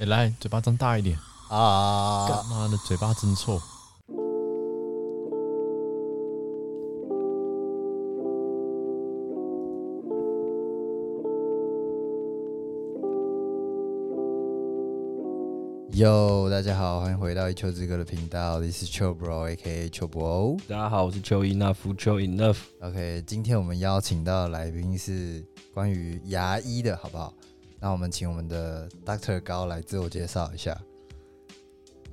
哎、欸，來，嘴巴張大一點啊！他媽的，嘴巴真臭、啊。Yo，大家好，歡迎回到一丘之隔的頻道，This is Chiu Bro A.K.A. Chiu Bro。大家好，我是 Chiu Enough，Chiu Enough。OK，今天我們邀請到的來賓是關於牙醫的，好不好？那我們請我們的 Doctor 高來自我介紹一下。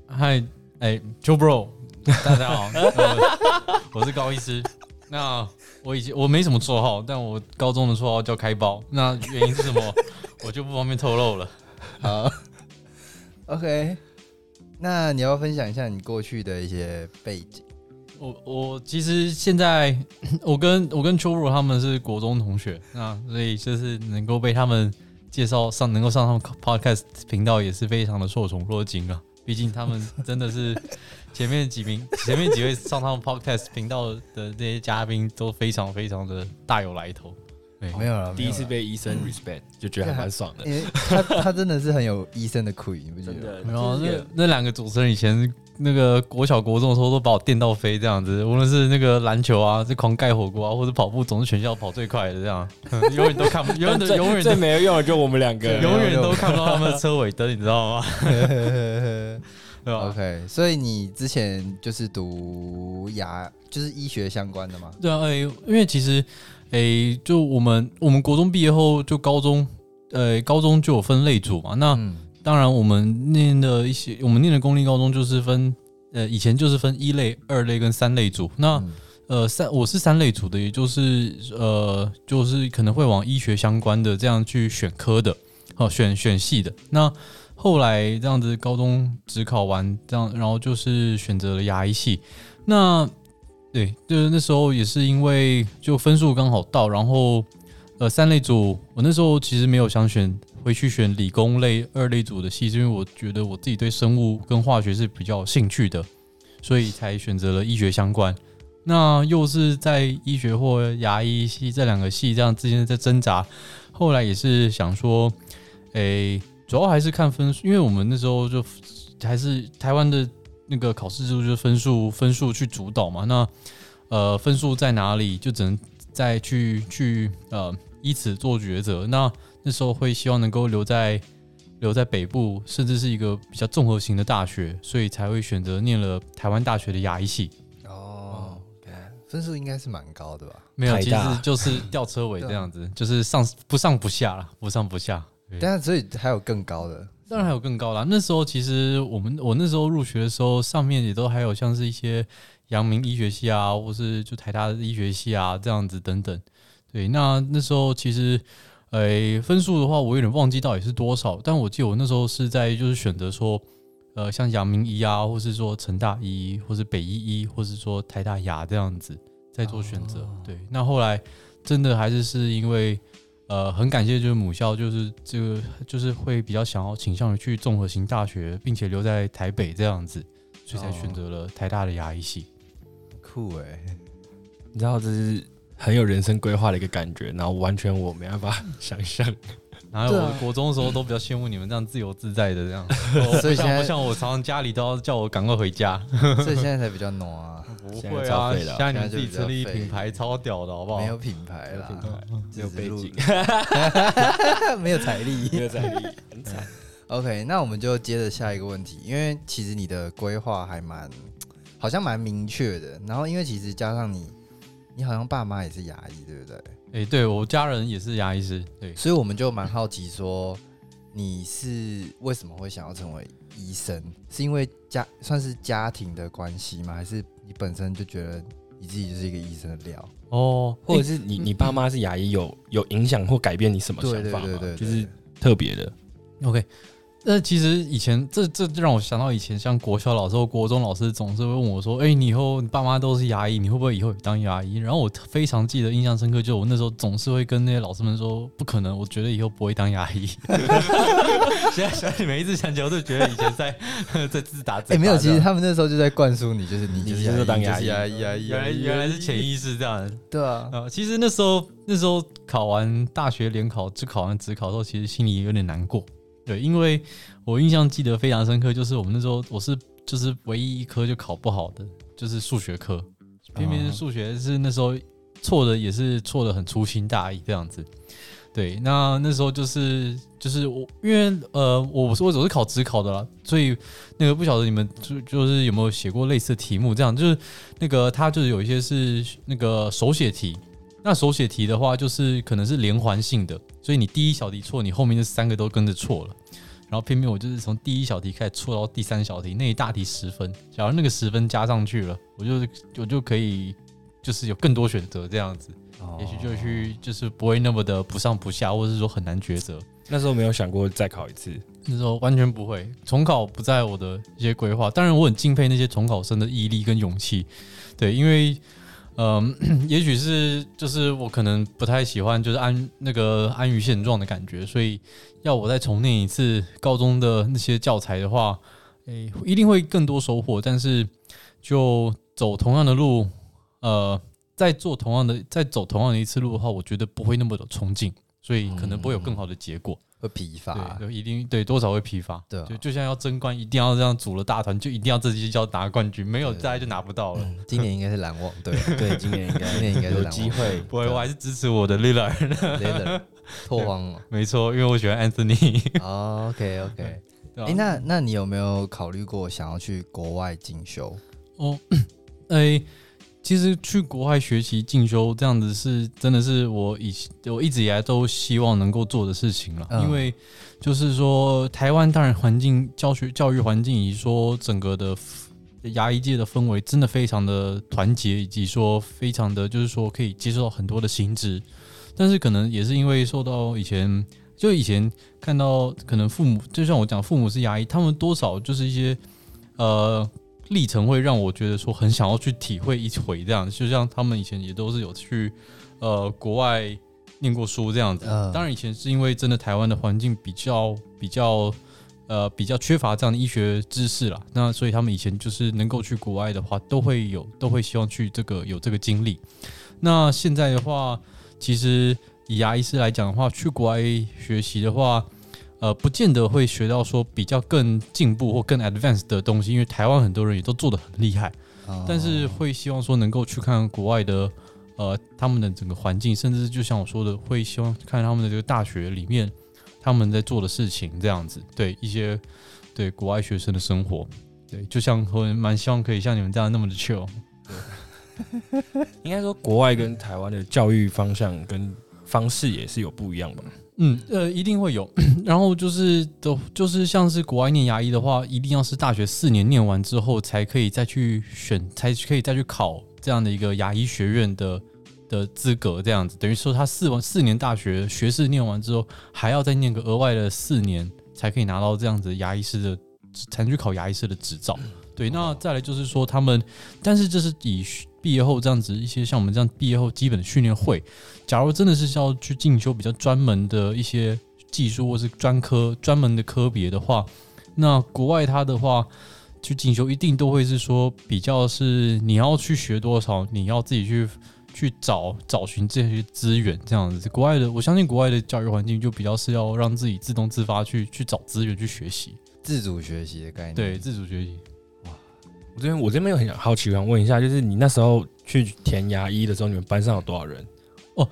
Hi，哎 Chiu Bro， 大家好 我，我是高醫師。 那我以前我沒什麼綽號，但我高中的綽號叫開包。那原因是什麼？ 我就不方便透露了。 好，OK，那你要，要分享一下你過去的一些背景。我我其實現在我跟我跟 Chiu Bro 他們是國中同學， 那所以就是能夠被他們。介紹上能夠上他們 Podcast 頻道也是非常的受寵若驚啊，畢竟他們真的是前面幾名， 前面幾位上他們 Podcast 頻道的這些嘉賓都非常非常的大有來頭。 沒有了、哦，第一次被醫生 respect、嗯、就覺得還蠻爽的。他他真的是很有醫生的酷，你不覺得？然後 那那兩個主持人以前。那個國小國中的時候都把我電到飛這樣子，無論是那個籃球啊，這狂蓋火鍋啊，或者跑步，總是全校跑最快的這樣， 永遠都看不到。永遠 永遠最沒有用的就我們兩個，永遠都看不到他們的車尾燈， 你知道嗎？對 吧 ？OK，所以你之前就是讀牙，就是醫學相關的嗎？對啊，因為其實、欸、就我們我們國中畢業後就高中，呃、欸，高中就有分類組嘛，那。嗯當然，我們念的一些，我們念的公立高中就是分，呃，以前就是分一類、二類跟三類組。那，嗯、呃，三我是三類組的，也就是，呃，就是可能會往醫學相關的這樣去選科的，好、哦，選選系的。那後來這樣子高中指考完這樣，然後就是選擇了牙醫系。那，對，就是那時候也是因為就分數剛好到，然後，呃，三類組，我那時候其實沒有想選。會去選理工類二類組的系，是因為我覺得我自己對生物跟化學是比較有興趣的，所以才選擇了醫學相關。那又是在醫學或牙醫系這兩個系這樣之間在掙扎，後來也是想說，誒、欸，主要還是看分數，因為我們那時候就還是台灣的那個考試制度，就是分數分數去主導嘛。那呃，分數在哪裡，就只能再去去呃以此做抉擇。那那時候會希望能夠留在留在北部，甚至是一個比較綜合型的大學，所以才會選擇念了台灣大學的牙醫系。哦、oh, okay.，分數應該是蠻高的吧？沒有，其實就是吊車尾這樣子， 就是上不上不下了，不上不下。對，但是，所以還有更高的，當然還有更高的、啊。那時候其實我們我那時候入學的時候，上面也都還有像是一些陽明醫學系啊，或是就台大醫學系啊這樣子等等。對，那那時候其實。誒、欸，分數的話我有點忘記到底是多少，但我記得我那時候是在就是選擇說，呃，像陽明醫啊，或是說成大醫，或是北醫醫，或是說台大牙這樣子在做選擇。Oh. 對，那後來真的還是是因為，呃，很感謝就是母校、就是，就是這個就是會比較想要傾向於去綜合型大學，並且留在台北這樣子，所以才選擇了台大的牙醫系。酷、oh. 誒、cool，你知道這是？很有人生規劃的一個感覺，然後完全我沒辦法想象。然後我國中的時候都比較羨慕你們這樣自由自在的這樣。 哦、所以現在像我想，像我常常家裡都要叫我趕快回家。 所以現在才比較暖啊！不會啊，現在、的、啊、現在你自己成立品、品牌超屌的好不好？沒有品牌啦，沒有、品牌、嗯、沒有、沒有背景， 沒有財財力， 沒有財財力 ，OK，那我們就接着下一個問題，因為其實你的規劃還蠻，好像蠻明確的。然後因為其實加上你。你好像爸媽也是牙醫，對不對？哎、欸，對，我家人也是牙醫師，對。所以我們就蠻好奇，說你是為什麼會想要成為醫生？是因為家算是家庭的關係嗎？還是你本身就覺得你自己就是一個醫生的料？哦，或者是你你爸媽是牙醫，有有影響或改變你什麼想法嗎？對，對，對，對，對，對，就是特別的。OK。那其實以前這這讓我想到以前，像國小老師、國中老師總是會問我說：“哎、欸，你以後你爸媽都是牙醫，你會不會以後也當牙醫？”然後我非常記得印象深刻，就我那時候總是會跟那些老師們說：“不可能，我覺得以後不會當牙醫。 現”現在想起每一次想起，我都覺得以前在在自打自打哎、欸，沒有，其實他們那時候就在灌輸你，就是你，你是牙就當牙醫，就是、牙醫，牙醫。原來原來是潛意識這樣。對啊，啊，其實那時候那時候考完大學聯考，只考完指考的時候，其實心裡有點難過。對，因為我印象記得非常深刻，就是我們那時候我是就是唯一一科就考不好的，就是數學科，偏偏數學是那時候錯的也是錯的很粗心大意這樣子。對，那那時候就是就是我因為呃我我總是考指考的啦，所以那個不曉得你們就就是有沒有寫過類似的題目，這樣就是那個他就是有一些是那個手寫題。那手寫題的話，就是可能是連環性的，所以你第一小題錯，你後面那三個都跟着錯了。然後偏偏我就是從第一小題開始錯到第三小題，那一大題十分，假如那個十分加上去了，我就就就可以，就是有更多選擇這樣子，哦、也許就去就是不會那麼的不上不下，或者是說很難抉擇。那時候沒有想過再考一次，那時候完全不會重考不在我的一些規劃。當然，我很敬佩那些重考生的毅力跟勇氣，對，因為。嗯，也許是就是我可能不太喜歡就是安那個安於現狀的感覺，所以要我再重念一次高中的那些教材的話，誒、欸，一定會更多收穫。但是就走同樣的路，呃，再做同樣的再走同樣的一次路的話，我覺得不會那麼的衝勁，所以可能不會有更好的結果。嗯嗯嗯。會疲乏、啊，對，一定對，多少會疲乏，對、啊，就就像要爭冠，一定要這樣組了大團，就一定要這季就要拿冠軍，沒有大家就拿不到了。嗯、今年應該是籃網，對， 對，今年應該，今年應該是有機會。我我還是支持我的 Lillard，Lillard 拓荒，沒錯，因為我喜歡 Anthony。Oh, OK，OK，、okay, okay. 哎、啊欸，那那你有沒有考慮過想要去國外進修？哦、oh,，哎。其實去國外學習進修這樣子是真的是我以我一直以來都希望能夠做的事情了，嗯，因為就是說台灣當然環境教學教育環境以及說整個的牙醫界的氛圍真的非常的團結，以及說非常的就是說可以接受到很多的新知，但是可能也是因為受到以前就以前看到可能父母就像我講父母是牙醫，他們多少就是一些呃，歷程會讓我覺得說很想要去體會一回這樣，就像他們以前也都是有去，呃，國外念過書這樣子。當然以前是因為真的台灣的環境比較比較，呃，比較缺乏這樣的醫學知識啦。那所以他們以前就是能夠去國外的話，都會有都會希望去這個有這個經歷。那現在的話，其實以牙醫師來講的話，去國外學習的話。呃，不見得會學到說比較更進步或更 advanced 的東西，因為台灣很多人也都做得很厲害。Oh. 但是會希望說能夠去看國外的，呃，他們的整個環境，甚至就像我說的，會希望看他們的這個大學裡面他們在做的事情這樣子。對一些對國外學生的生活，對，就像會蠻希望可以像你們這樣那麼的 chill。對 應該說，國外跟台灣的教育方向跟方式也是有不一樣的。嗯，呃，一定會有。然後就是，都就是像是國外念牙醫的話，一定要是大學四年念完之後，才可以再去選，才可以再去考這樣的一個牙醫學院的的資格，這樣子等於說他四萬四年大學學士念完之後，還要再念個額外的四年，才可以拿到這樣子牙醫師的，才能去考牙醫師的執照。哦。對，那再來就是說他們，但是這是以。畢業後這樣子一些像我們這樣畢業後基本的訓練會，假如真的是要去進修比較專門的一些技術或是專科專門的科別的話，那國外它的話去進修一定都會是說比較是你要去學多少，你要自己去去找找尋這些資源這樣子。國外的我相信國外的教育環境就比較是要讓自己自動自發去去找資源去學習，自主學習的概念，對，自主學習。我這邊我這邊有很好奇想問一下，就是你那時候去填牙醫的時候，你們班上有多少人？哦，誒、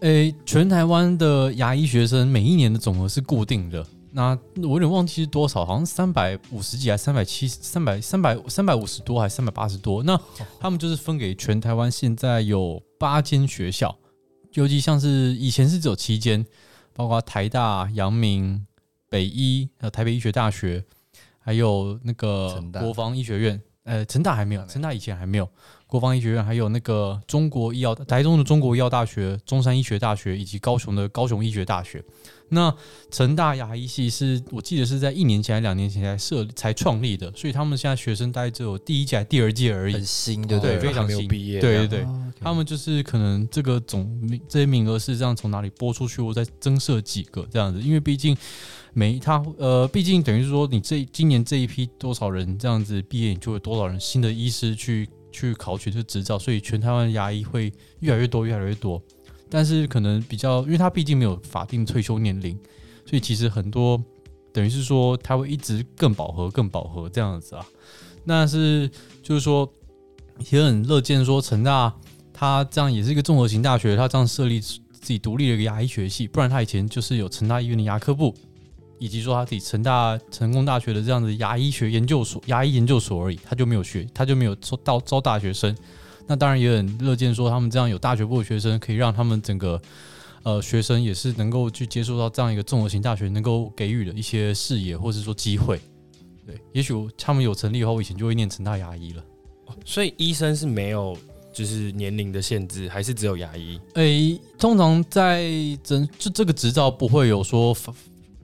欸，全台灣的牙醫學生每一年的總額是固定的，那我有點忘記是多少，好像三百五十幾，還三百七十三百三百三百五十多，還三百八十多。那他們就是分給全台灣現在有八間學校，尤其像是以前是只有七間，包括台大、陽明、北醫，還有台北醫學大學，還有那個國防醫學院。呃，成大還沒有，成大以前還沒有國防醫學院，還有那個中國醫藥，台中的中國醫藥大學、中山醫學大學以及高雄的高雄醫學大學。那成大牙醫系是我記得是在一年前還是兩年前才設、才創立的，所以他們現在學生大概只有第一屆、第二屆而已，很新的，對對、哦，非常新畢業。對對,對、哦 okay、他們就是可能這個總這些名額是這樣從哪裡撥出去，我再增設幾個這樣子，因為畢竟每他呃，畢竟等於是說你這今年這一批多少人這樣子畢業，你就有多少人新的醫師去去考取這個執照，所以全台灣牙醫會越來越多，越來越多。但是可能比較，因為他畢竟沒有法定退休年齡，所以其實很多等於是說，他會一直更飽和、更飽和這樣子啊。那是就是說，也很樂見說，成大他這樣也是一個綜合型大學，他這樣設立自己獨立的一個牙醫學系，不然他以前就是有成大醫院的牙科部，以及說他自己成大成功大學的這樣的牙醫學研究所、牙醫研究所而已，他就沒有學，他就沒有招招招大學生。那當然也很樂見，說他們這樣有大學部的學生，可以讓他們整個呃學生也是能夠去接觸到這樣一個綜合型大學能夠給予的一些視野，或者是說機會。對，也許他們有成立以後，我以前就會念成大牙醫了。所以醫生是沒有就是年齡的限制，還是只有牙醫？哎、欸，通常在整就這個執照不會有說、嗯、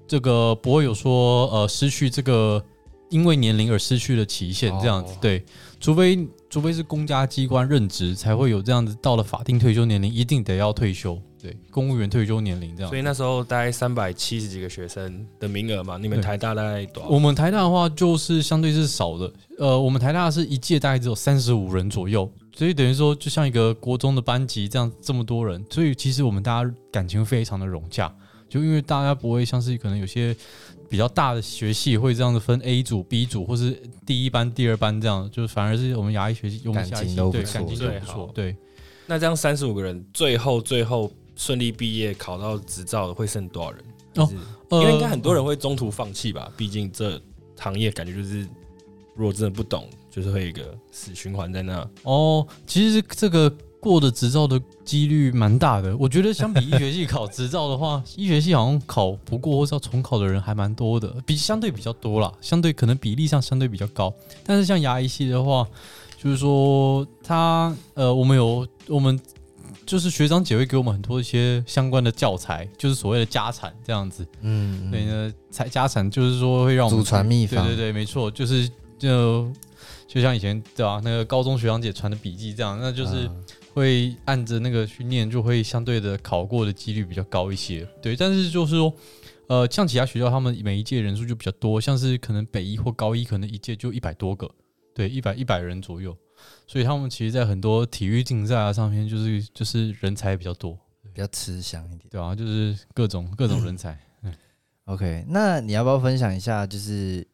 這個不會有說呃失去這個因為年齡而失去的期限這樣子。哦、對，除非。除非是公家機關任職，才會有這樣子。到了法定退休年齡，一定得要退休。對，公務員退休年齡這樣。所以那時候大概三百七十幾個學生的名額嘛，你們台大大概多少？我們台大的話就是相對是少的。呃，我們台大是一屆大概只有三十五人左右，所以等於說就像一個國中的班級這樣這麼多人，所以其實我們大家感情非常的融洽，就因為大家不會像是可能有些。比較大的學系會這樣子分 A 組、B 組，或是第一班、第二班這樣，就是反而是我們牙醫學系用感情都不錯，對，那這樣三十五個人最後最後順利畢業考到執照的會剩多少人？哦、因為應該很多人會中途放棄吧，哦、畢竟這行業感覺就是，如果真的不懂，就是會有一個死循環在那。哦，其實這個。過的執照的幾率蠻大的，我覺得相比醫學系考執照的話， 醫學系好像考不過或是要重考的人還蠻多的，比相對比較多啦，相對可能比例上相對比較高。但是像牙醫系的話，就是說他呃，我們有我們就是學長姐會給我們很多一些相關的教材，就是所謂的家產這樣子。嗯，對，呢，財家產就是說會讓我們祖傳秘方，對對對，沒錯，就是就、呃、就像以前對吧、啊，那個高中學長姐傳的筆記這樣，那就是。啊會按着那個去念，就會相對的考過的幾率比較高一些，對。但是就是說，呃，像其他學校，他們每一屆人數就比較多，像是可能北醫或高醫，可能一屆就一百多個，對，一百一百人左右。所以他們其實，在很多體育競賽啊上面，就是就是人才比較多，比較吃香一點，對啊，就是各種各種人才、嗯嗯。OK，那你要不要分享一下，就是？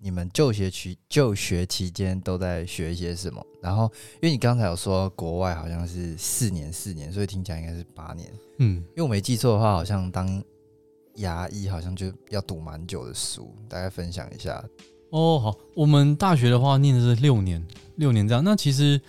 你們就學期就學期間都在學一些什麼？然後，因為你剛才有說國外好像是四年四年，所以聽起來應該是八年。嗯，因為我沒記錯的話，好像當牙醫好像就要讀蠻久的書。大家分享一下哦。好，我們大學的話念的是六年，六年這樣。那其實。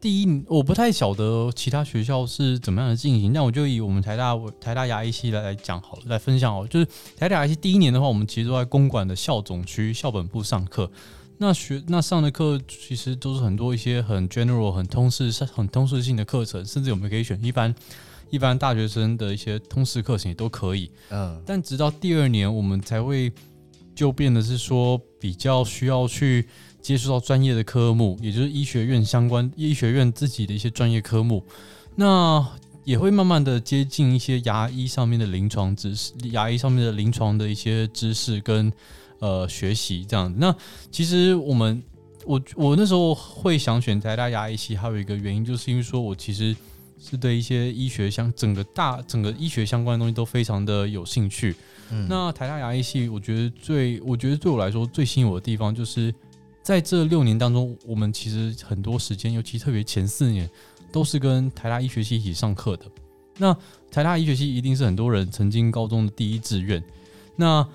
第一，我不太曉得其他學校是怎麼樣的進行，但我就以我們台大台大牙醫系來來講好了，來分享哦。就是台大牙醫系第一年的話，我們其實都在公館的校總區、校本部上課。那學那上的課其實都是很多一些很 general、很通識、很通識性的課程，甚至我們可以選一般一般大學生的一些通識課程也都可以。嗯。但直到第二年，我們才會就變得是說比較需要去。接觸到專業的科目，也就是醫學院相關、醫學院自己的一些專業科目，那也會慢慢的接近一些牙醫上面的臨床知識，牙醫上面的臨床的一些知識跟呃學習這樣子。那其實我們我我那時候會想選台大牙醫系，還有一個原因就是因為說我其實是對一些醫學相整個大整個醫學相關的東西都非常的有興趣。嗯、那台大牙醫系，我覺得最我覺得對我來說最吸引我的地方就是。在這六年當中，我們其實很多時間，尤其特別前四年，都是跟台大醫學系一起上課的。那台大醫學系一定是很多人曾經高中的第一志願，那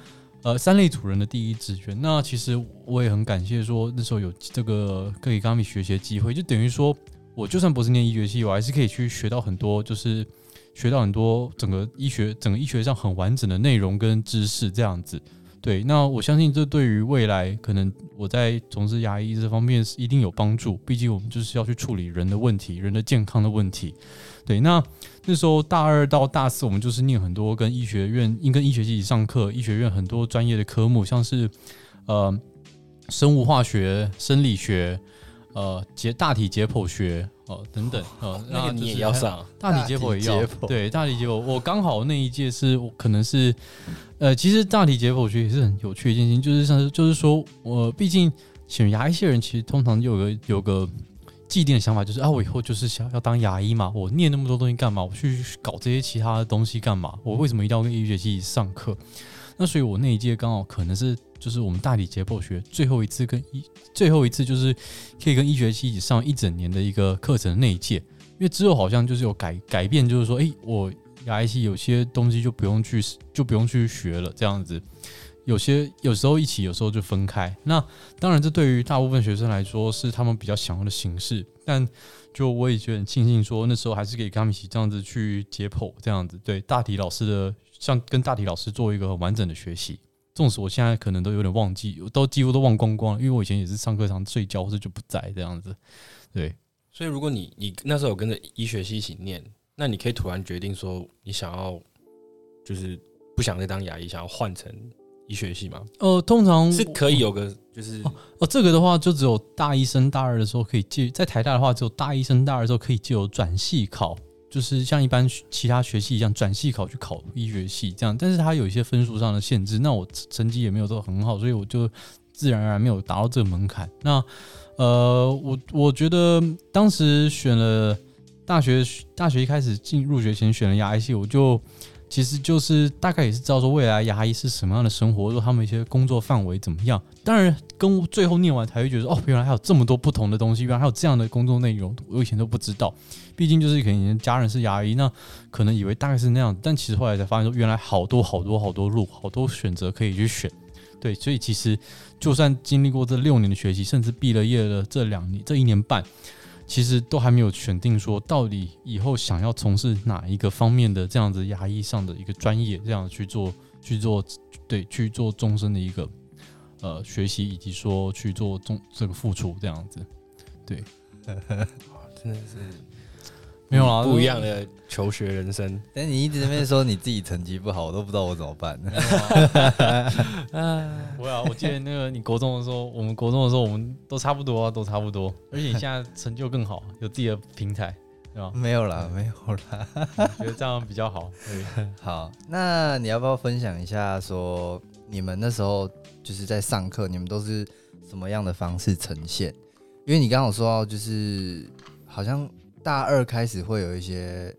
呃三類土人的第一志願。那其實我也很感謝說那時候有這個可以跟密學習的機會，就等於說我就算不是念醫學系，我還是可以去學到很多，就是學到很多整個醫學整個醫學上很完整的內容跟知識這樣子。對，那我相信這對於未來可能我在從事牙醫這方面是一定有幫助，畢竟我們就是要去處理人的問題，人的健康的問題。對，那那時候大二到大四，我們就是念很多跟醫學院、跟醫學系上課，醫學院很多專業的科目，像是呃生物化學、生理學、呃解大體解剖學哦、呃、等等、呃、那你也要上大體解剖也要對大體解剖，我剛好那一屆是我可能是。呃，其實大體解剖學也是很有趣的一件事情，就是像是，就是說我畢、呃、竟選牙醫系的人，其實通常就有個有個既定的想法，就是啊，我以後就是想要當牙醫嘛，我念那麼多東西幹嘛？我去搞這些其他的東西幹嘛？我為什麼一定要跟醫學系一起上課？那所以，我那一屆剛好可能是就是我們大體解剖學最後一次跟一，最後一次就是可以跟醫學系一起上一整年的一個課程那一屆，因為之後好像就是有改改變，就是說，哎、欸，我。有些東西就不用去，就不用去學了。這樣子，有些有時候一起，有時候就分開那。那當然，這對於大部分學生來說是他們比較想要的形式。但就我也覺得很慶幸說，說那時候還是可以跟他們一起這樣子去解剖，這樣子對大體老師的，像跟大體老師做一個很完整的學習。縱使我現在可能都有點忘記，我都幾乎都忘光光了，因為我以前也是上課常睡覺或者就不在這樣子。對，所以如果你你那時候有跟着醫學系一起念。那你可以突然決定說，你想要就是不想再當牙醫，想要換成醫學系嗎？哦、呃，通常是可以有個就是哦，哦，這個的話就只有大一升大二的時候可以借在台大的話，只有大一升大二的時候可以借由轉系考，就是像一般其他學系一樣轉系考去考醫學系這樣。但是它有一些分數上的限制，那我成績也沒有做很好，所以我就自然而然沒有達到這個門檻。那呃，我我覺得當時選了。大學大學一開始進入學前選了牙醫系，我就其實就是大概也是知道說未來牙醫是什麼樣的生活，說他們一些工作範圍怎麼樣。當然，跟我最後念完才會覺得說哦，原來還有這麼多不同的東西，原來還有這樣的工作內容，我以前都不知道。畢竟就是可能家人是牙醫，那可能以為大概是那樣，但其實後來才發現說原來好多好多好多路，好多選擇可以去選。對，所以其實就算經歷過這六年的學習，甚至畢了業的這兩年，這一年半，其實都還沒有選定，說到底以後想要從事哪一個方面的這樣子牙醫上的一個專業，這樣去做，去做，對，去做終身的一個呃學習，以及說去做重這個付出，這樣子，對， 哦、真的是。沒有啊，不一樣的求學人生，嗯。但你一直在那邊說你自己成績不好，我都不知道我怎麼辦 有、啊。哈哈哈哈不啊，我記得那個你國中的時候，我們國中的時候我們都差不多啊，都差不多。而且你現在成就更好， 有自己的平台，對吧？沒有啦，沒有啦，嗯、 覺得這樣比較好，對。好，那你要不要分享一下，說你們那時候就是在上課，你們都是什麼樣的方式呈現？因為你剛剛有說到，就是好像。大二開始會有一些，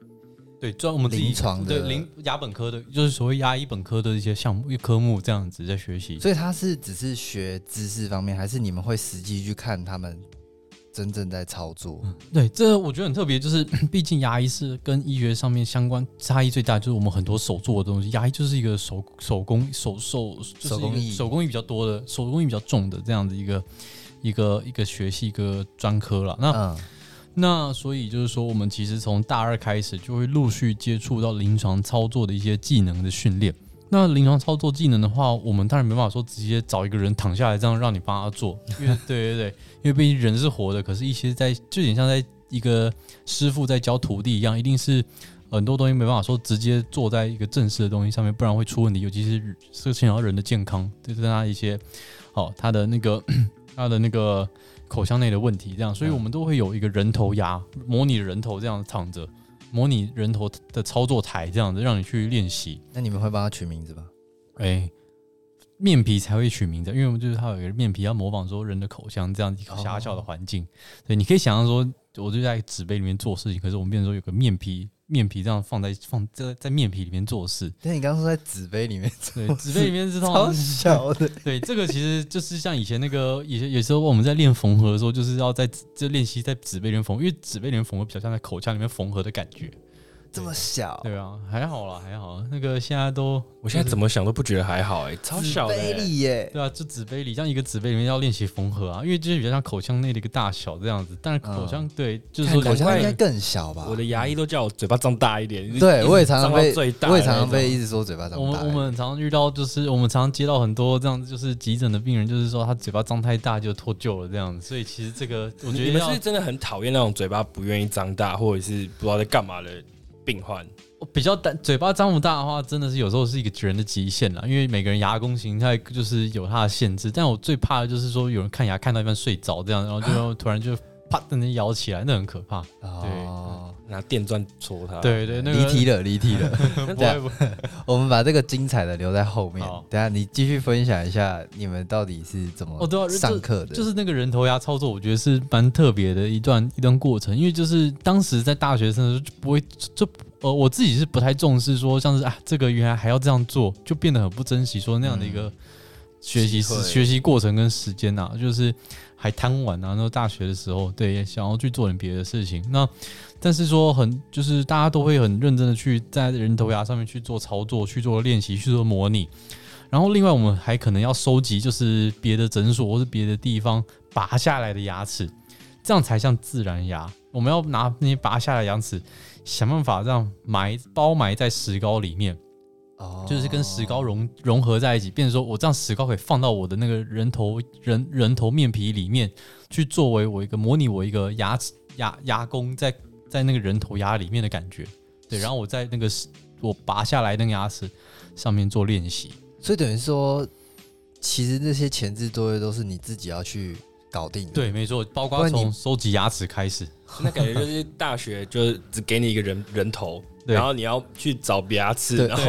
對，專我們臨床對，臨牙本科的，就是所謂牙醫本科的一些項目、科目這樣子在學習。所以他是只是學知識方面，還是你們會實際去看他們真正在操作？對，這我覺得很特別，就是畢竟牙醫是跟醫學上面相關差異最大，就是我們很多手做的東西，牙醫就是一個手手工手手手工藝，手工藝、就是、比較多的，手工藝比較重的這樣子一個一個一個學系一個專科了。那。嗯那所以就是說，我們其實從大二開始就會陸續接觸到臨床操作的一些技能的訓練。那臨床操作技能的話，我們當然沒辦法說直接找一個人躺下來這樣讓你幫他做，因為對對對，因為畢竟人是活的。可是，一些在就有點像在一個師傅在教徒弟一樣，一定是很多東西沒辦法說直接坐在一個正式的東西上面，不然會出問題。尤其是涉及到人的健康，就是他一些，好，他的那個，他的那個。口腔內的問題，這樣，所以我們都會有一個人頭牙，模擬人頭這樣躺着，模擬人頭的操作台這樣子，讓你去練習。那你們會幫它取名字吧？哎、欸，面皮才會取名字，因為我們就是它有一個面皮，要模仿說人的口腔這樣子一個狹小的環境，對，你可以想象說。我就在紙杯裡面做事情，可是我們變成說有個面皮，面皮這樣放在放在，這在面皮裡面做事。但你剛剛說在紙杯裡面，對，紙杯裡面是通超小的。對，這個其實就是像以前那個，以 有時候我們在練縫合的時候，就是要在就練習在紙杯裡面縫，因為紙杯裡面縫合比較像在口腔裡面縫合的感覺。這麼小對，對啊，還好啦，還好。那個現在都，我現在怎麼想都不覺得還好哎，超小的。對啊，這紙杯裡，這樣一個紙杯裡面要練習縫合啊，因為就是比較像口腔內的一個大小這樣子，但是口腔對、嗯，就是說口腔應該更小吧。我的牙醫都叫我嘴巴張大一點、嗯。對，我也常常被最大，我也常常被一直說嘴巴張大。我們我們常常遇到就是我們常常接到很多這樣子就是急診的病人，就是說他嘴巴張太大就脫臼了這樣子。所以其實這個我覺得你們是真的很討厭那種嘴巴不願意張大或者是不知道在幹嘛的人。病患，我比較大，嘴巴張不大的話，真的是有時候是一個人的極限了。因為每個人牙弓形態就是有它的限制，但我最怕的就是說有人看牙看到一半睡着，這樣，然後就突然就啪的 咬起來，那很可怕。哦、對。嗯拿電鑽戳它，對對，對，離題了，離題了。對。我們把這個精彩的留在後面。等下，你繼續分享一下你們到底是怎麼上課的。哦，對啊，就，就是那個人頭牙操作，我覺得是蠻特別的一段一段過程，因為就是當時在大學生的時候就不會，就呃，我自己是不太重視說，像是啊，這個原來還要這樣做，就變得很不珍惜說那樣的一個。嗯學習時學習過程跟時間吶、啊,就是還貪玩啊。那個、大學的時候，對，想要去做點別的事情。那但是說很，就是大家都會很認真的去在人頭牙上面去做操作、去做練習、去做模擬。然後另外我們還可能要收集，就是別的診所或者別的地方拔下來的牙齒，這樣才像自然牙。我們要拿那些拔下來的牙齒，想辦法讓埋包埋在石膏裡面。Oh. 就是跟石膏融融合在一起，變成說我這樣石膏可以放到我的那個人頭人人頭面皮裡面，去作為我一個模擬我一個牙齒牙牙弓在在那個人頭牙裡面的感覺。對，然後我在那個我拔下來的那個牙齒上面做練習。所以等於說，其實那些前置作業都是你自己要去搞定的。對，沒錯，包括從收集牙齒開始，那感覺就是大學就是只給你一個人人頭。然後你要去找牙齒，然後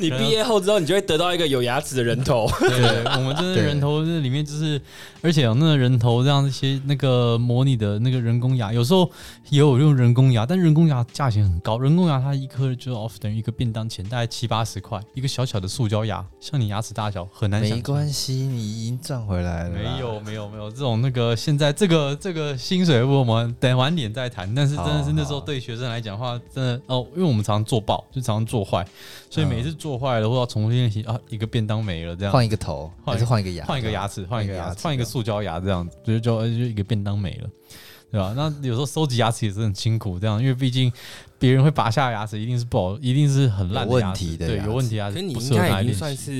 你畢業後之後，你就會得到一個有牙齒的人頭。對，對， 我們這人頭這裡面就是，而且有那個人頭這樣一些那個模擬的那個人工牙，有時候也有用人工牙，但人工牙價錢很高，人工牙它一顆就 off 等於一個便當錢，大概七八十塊一個小小的塑膠牙，像你牙齒大小很難。沒關係，你已經賺回來了。沒有沒有沒有，這種那個現在這個這個薪水我們等晚點再談，但是真的是那時候對學生來講的話，真的。好好哦因為我們常常做爆，就常常做壞，所以每一次做壞了，我要重新練習啊！一個便當沒了，這樣換一個頭，或者是換一個牙，換一個牙齒，換一個牙，換一,一,一個塑膠牙這，這樣子，就就就一個便當沒了，對吧，啊？那有時候收集牙齒也是很辛苦，這樣，因為畢竟別人會拔下牙齒，一定是不好，一定是很爛的問題的。對，有問題牙齒。所以你應該已經算是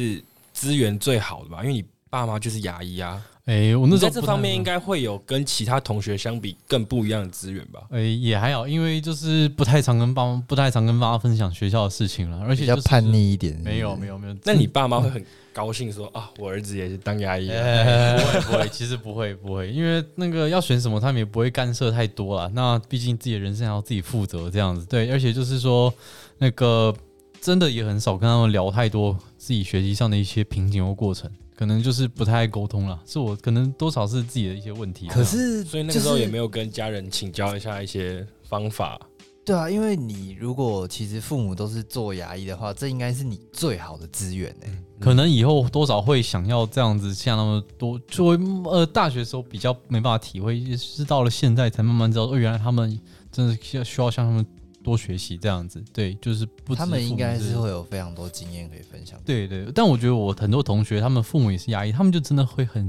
資源最好的吧？因為你爸媽就是牙醫啊。哎、欸，我那時候在這方面應該會有跟其他同學相比，更不一樣的資源吧？哎、欸，也還好，因為就是不太常跟爸不太常跟爸媽分享學校的事情了，而且、就是、比較叛逆一點是不是。沒有沒有沒有，那你爸媽會很高興說、嗯、啊，我兒子也是當牙醫、欸欸？不會，不會，其實不會不會，因為那個要選什麼，他們也不會干涉太多啦。那畢竟自己的人生要自己負責，這樣子。對，而且就是說，那個真的也很少跟他們聊太多自己學習上的一些瓶頸或過程。可能就是不太愛溝通了，是我可能多少是自己的一些問題。可是就是，所以那個時候也沒有跟家人請教一下一些方法。對啊，因為你如果其實父母都是做牙醫的話，這應該是你最好的資源欸。嗯，可能以後多少會想要這樣子，像那麼多，作為呃，大學的時候比較沒辦法體會，是到了現在才慢慢知道，哦，原來他們真的需要像他們，多學習這樣子，對，就是不。他們應該是會有非常多經驗可以分享。對，對對，但我覺得我很多同學，他們父母也是牙醫，他們就真的會很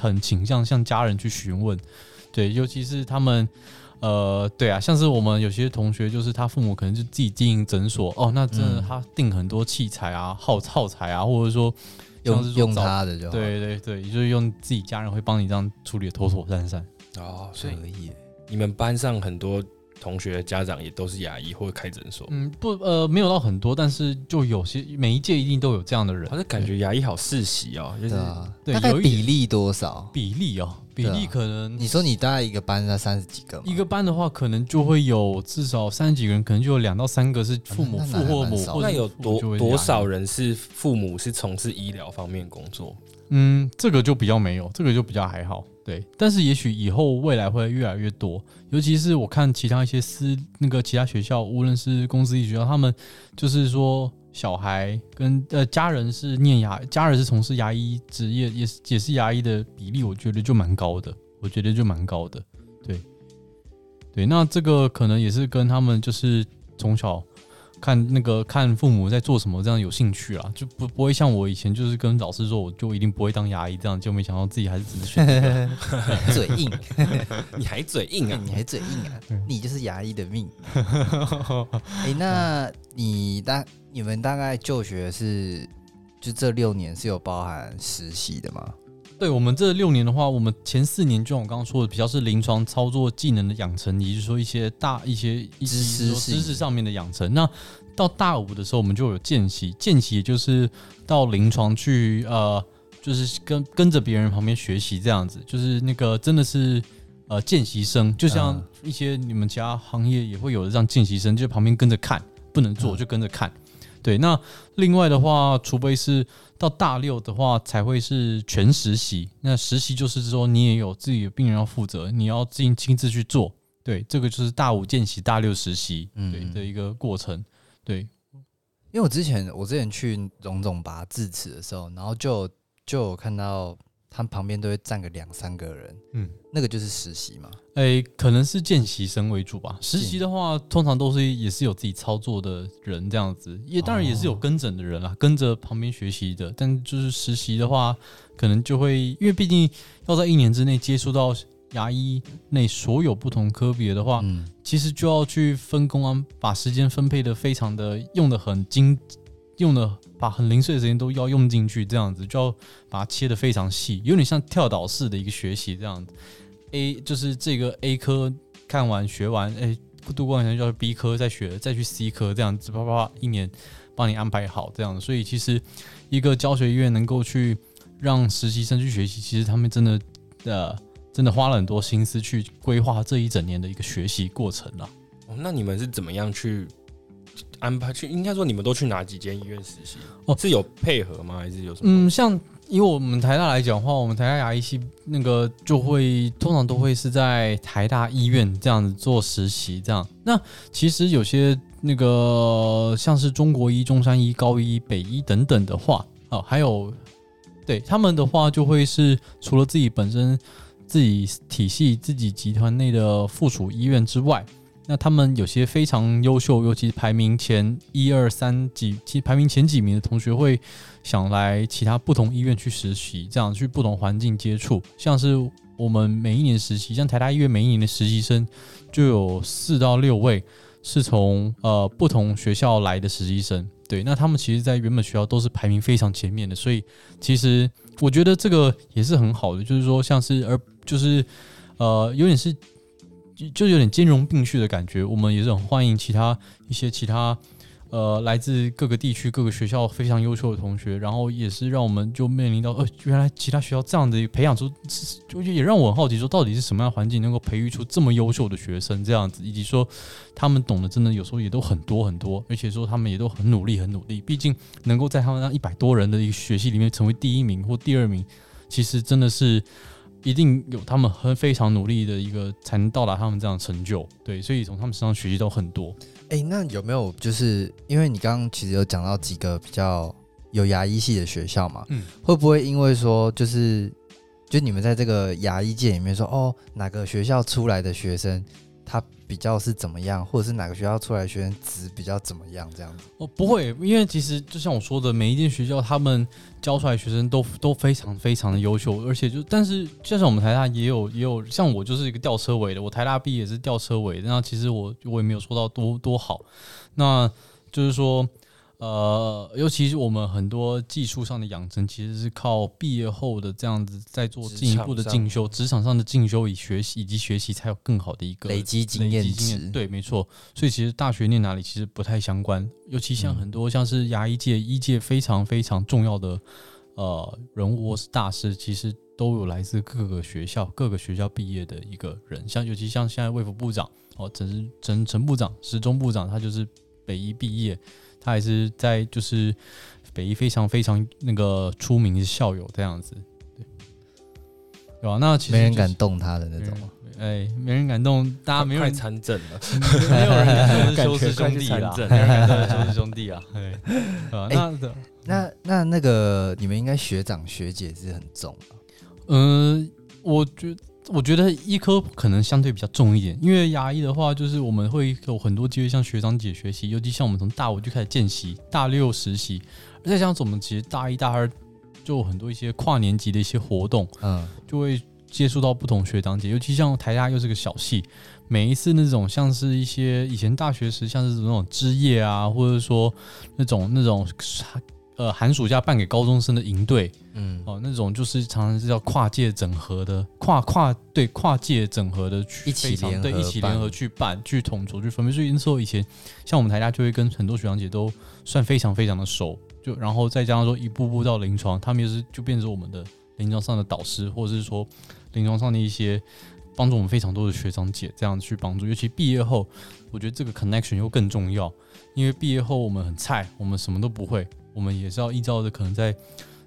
很傾向向家人去詢問。對，尤其是他們，呃，對啊，像是我們有些同學，就是他父母可能就自己經營診所，嗯，哦，那真的他訂很多器材啊、耗耗材啊，或者說用用他的就，對對對，就是用自己家人會幫你這樣處理的妥妥當當哦，所以你們班上很多。同學家長也都是牙醫，或者開診所。嗯，不，呃，沒有到很多，但是就有些，每一屆一定都有這樣的人。好像感覺牙醫好世襲、喔就是、啊，對，是，對，有比例多少？比例啊、喔，比例可能、啊。你說你大概一個班在三十幾個，一個班的話，可能就會有至少三十幾個人，可能就有兩到三個是父母、嗯、父或母。或者有多多少人是父母是從事醫療方面工作？嗯，這個就比較沒有，這個就比較還好。對，但是也許以後未來會越來越多，尤其是我看其他一些私那個其他學校，無論是公私立學校，他們就是說小孩跟呃家人是念牙，家人是從事牙醫職業，也是也是牙醫的比例，我覺得就蠻高的，我覺得就蠻高的，對對，那這個可能也是跟他們就是從小。看那個，看父母在做什麼，這樣有興趣啊就不不會像我以前，就是跟老師說，我就一定不會當牙醫，這樣就沒想到自己還是只能選對嘴硬， 你還嘴硬啊？ 你還嘴硬啊？ 你還嘴硬啊 你就是牙醫的命。哎、 欸，那你大你們大概就學是就這六年是有包含實習的嗎？對，我們這六年的話，我們前四年就像我剛剛說的，比較是臨床操作技能的養成，以及說一些大一些一些知，知識上面的養成。那到大五的時候，我們就有見習，見習也就是到臨床去，呃，就是跟跟着別人旁邊學習這樣子，就是那個真的是呃見習生，就像一些你們其他行業也會有的這樣見習生，就旁邊跟着看，不能做就跟着看。嗯對，那另外的話，除非是到大六的話，才會是全實習。那實習就是說，你也有自己的病人要負責，你要自己親自去做。對，這個就是大五見習，大六實習，對嗯嗯的一個過程。對，因為我之前我之前去榮總拔智齒的時候，然後就就有看到。他旁邊都會站個兩三個人，嗯，那個就是實習嘛，哎、欸，可能是見習生為主吧。實習的話，通常都是也是有自己操作的人這樣子，也當然也是有跟診的人啦，哦、跟着旁邊學習的。但就是實習的話，可能就會因為畢竟要在一年之內接觸到牙醫內所有不同科別的話，嗯、其實就要去分工啊，把時間分配的非常的用的很精。用的把很零碎的時間都要用進去，這樣子就要把它切得非常細，有點像跳島式的一個學習這樣子。A 就是這個 A 科看完學完，哎，度過一段時間就要去 B 科再學，再去 C 科這樣子，啪啪啪一年幫你安排好這樣子。所以其實一個教學醫院能夠去讓實習生去學習，其實他們真的呃、uh, 真的花了很多心思去規劃這一整年的一個學習過程了、啊。哦，那你們是怎麼樣去？安排去，應該說你們都去哪幾間醫院實習？哦，是有配合嗎、哦？還是有什麼？嗯，像以我們台大來講的話，我們台大牙醫系那個就會通常都會是在台大醫院這樣子做實習，這樣。那其實有些那個像是中國醫、中山醫、高醫、北醫等等的話，哦、啊，還有對他們的話，就會是除了自己本身自己體系、自己集團內的附屬醫院之外。那他們有些非常優秀，尤其是排名前一二三幾，其實排名前幾名的同學會想來其他不同醫院去實習，這樣去不同環境接觸。像是我們每一年實習，像台大醫院每一年的實習生就有四到六位是從呃不同學校來的實習生。對，那他們其實，在原本學校都是排名非常前面的，所以其實我覺得這個也是很好的，就是說像是而就是呃有點是。就有點兼容並蓄的感覺，我們也是很歡迎其他一些其他，呃，來自各個地區各個學校非常優秀的同學，然後也是讓我們就面臨到，呃，原來其他學校這樣子培養出，就也讓我很好奇說，到底是什麼樣環境能夠培育出這麼優秀的學生，這樣子，以及說他們懂得真的有時候也都很多很多，而且說他們也都很努力很努力，畢竟能夠在他們那一百多人的一個學習裡面成為第一名或第二名，其實真的是。一定有他們很非常努力的一個才能到達他們這樣的成就，對，所以從他們身上學習到很多。哎、欸，那有沒有就是因為你剛剛其實有講到幾個比較有牙醫系的學校嘛？嗯，會不會因為說就是就你們在這個牙醫界裡面說哦，哪個學校出來的學生？他比較是怎麼樣，或者是哪個學校出來學生值比較怎麼樣這樣子？哦，不會，因為其實就像我說的，每一間學校他們教出來學生都都非常非常的優秀，而且就但是就像我們台大也有也有像我就是一個吊車尾的，我台大畢業也是吊車尾的，那其實我我也沒有說到多多好，那就是說。呃，尤其是我們很多技術上的養成，其實是靠畢業後的這樣子在做進一步的進修職，職場上的進修以學習，以及學習才有更好的一個累積，累積經驗。對，沒錯。所以其實大學念哪裡其實不太相關，尤其像很多、嗯、像是牙醫界醫界非常非常重要的呃人物或是大師，其實都有來自各個學校、各個學校畢業的一個人。像尤其像現在衛福部長哦，陳陳陳部長時中部長，他就是北醫畢業。他還是在就是北醫非常非常那個出名的校友這樣子，對，對吧？那其實沒人敢動他的那種，哎、欸，沒人敢動，大家沒人參政的。 沒有人敢動，邱氏兄弟了，哈哈哈哈哈，邱氏兄弟啊，哎、 欸，那那那個，你們應該學長學姐是很重嗯、呃，我覺得我覺得醫科可能相對比較重一點，因為牙醫的話，就是我們會有很多機會向學長姐學習，尤其像我們從大五就開始見習，大六實習，而且像我們其實大一大二就很多一些跨年級的一些活動，嗯，就會接觸到不同學長姐，尤其像台大又是個小系，每一次那種像是一些以前大學時，像是那種枝葉啊，或者說那種那種。呃，寒暑假辦給高中生的營隊，嗯，哦、呃，那種就是常常是叫跨界整合的，跨跨對跨界整合的，去一起聯合對一起聯合去辦，去統籌，就分別是因為說，以，以前像我們台大就會跟很多學長姐都算非常非常的熟，就然後再加上說一步步到臨床，他們也是就變成我們的臨床上的導師，或者是說臨床上的一些幫助我們非常多的學長姐這樣去幫助，尤其畢業後，我覺得這個 connection 又更重要，因為畢業後我們很菜，我們什麼都不會。我們也是要依照着可能在，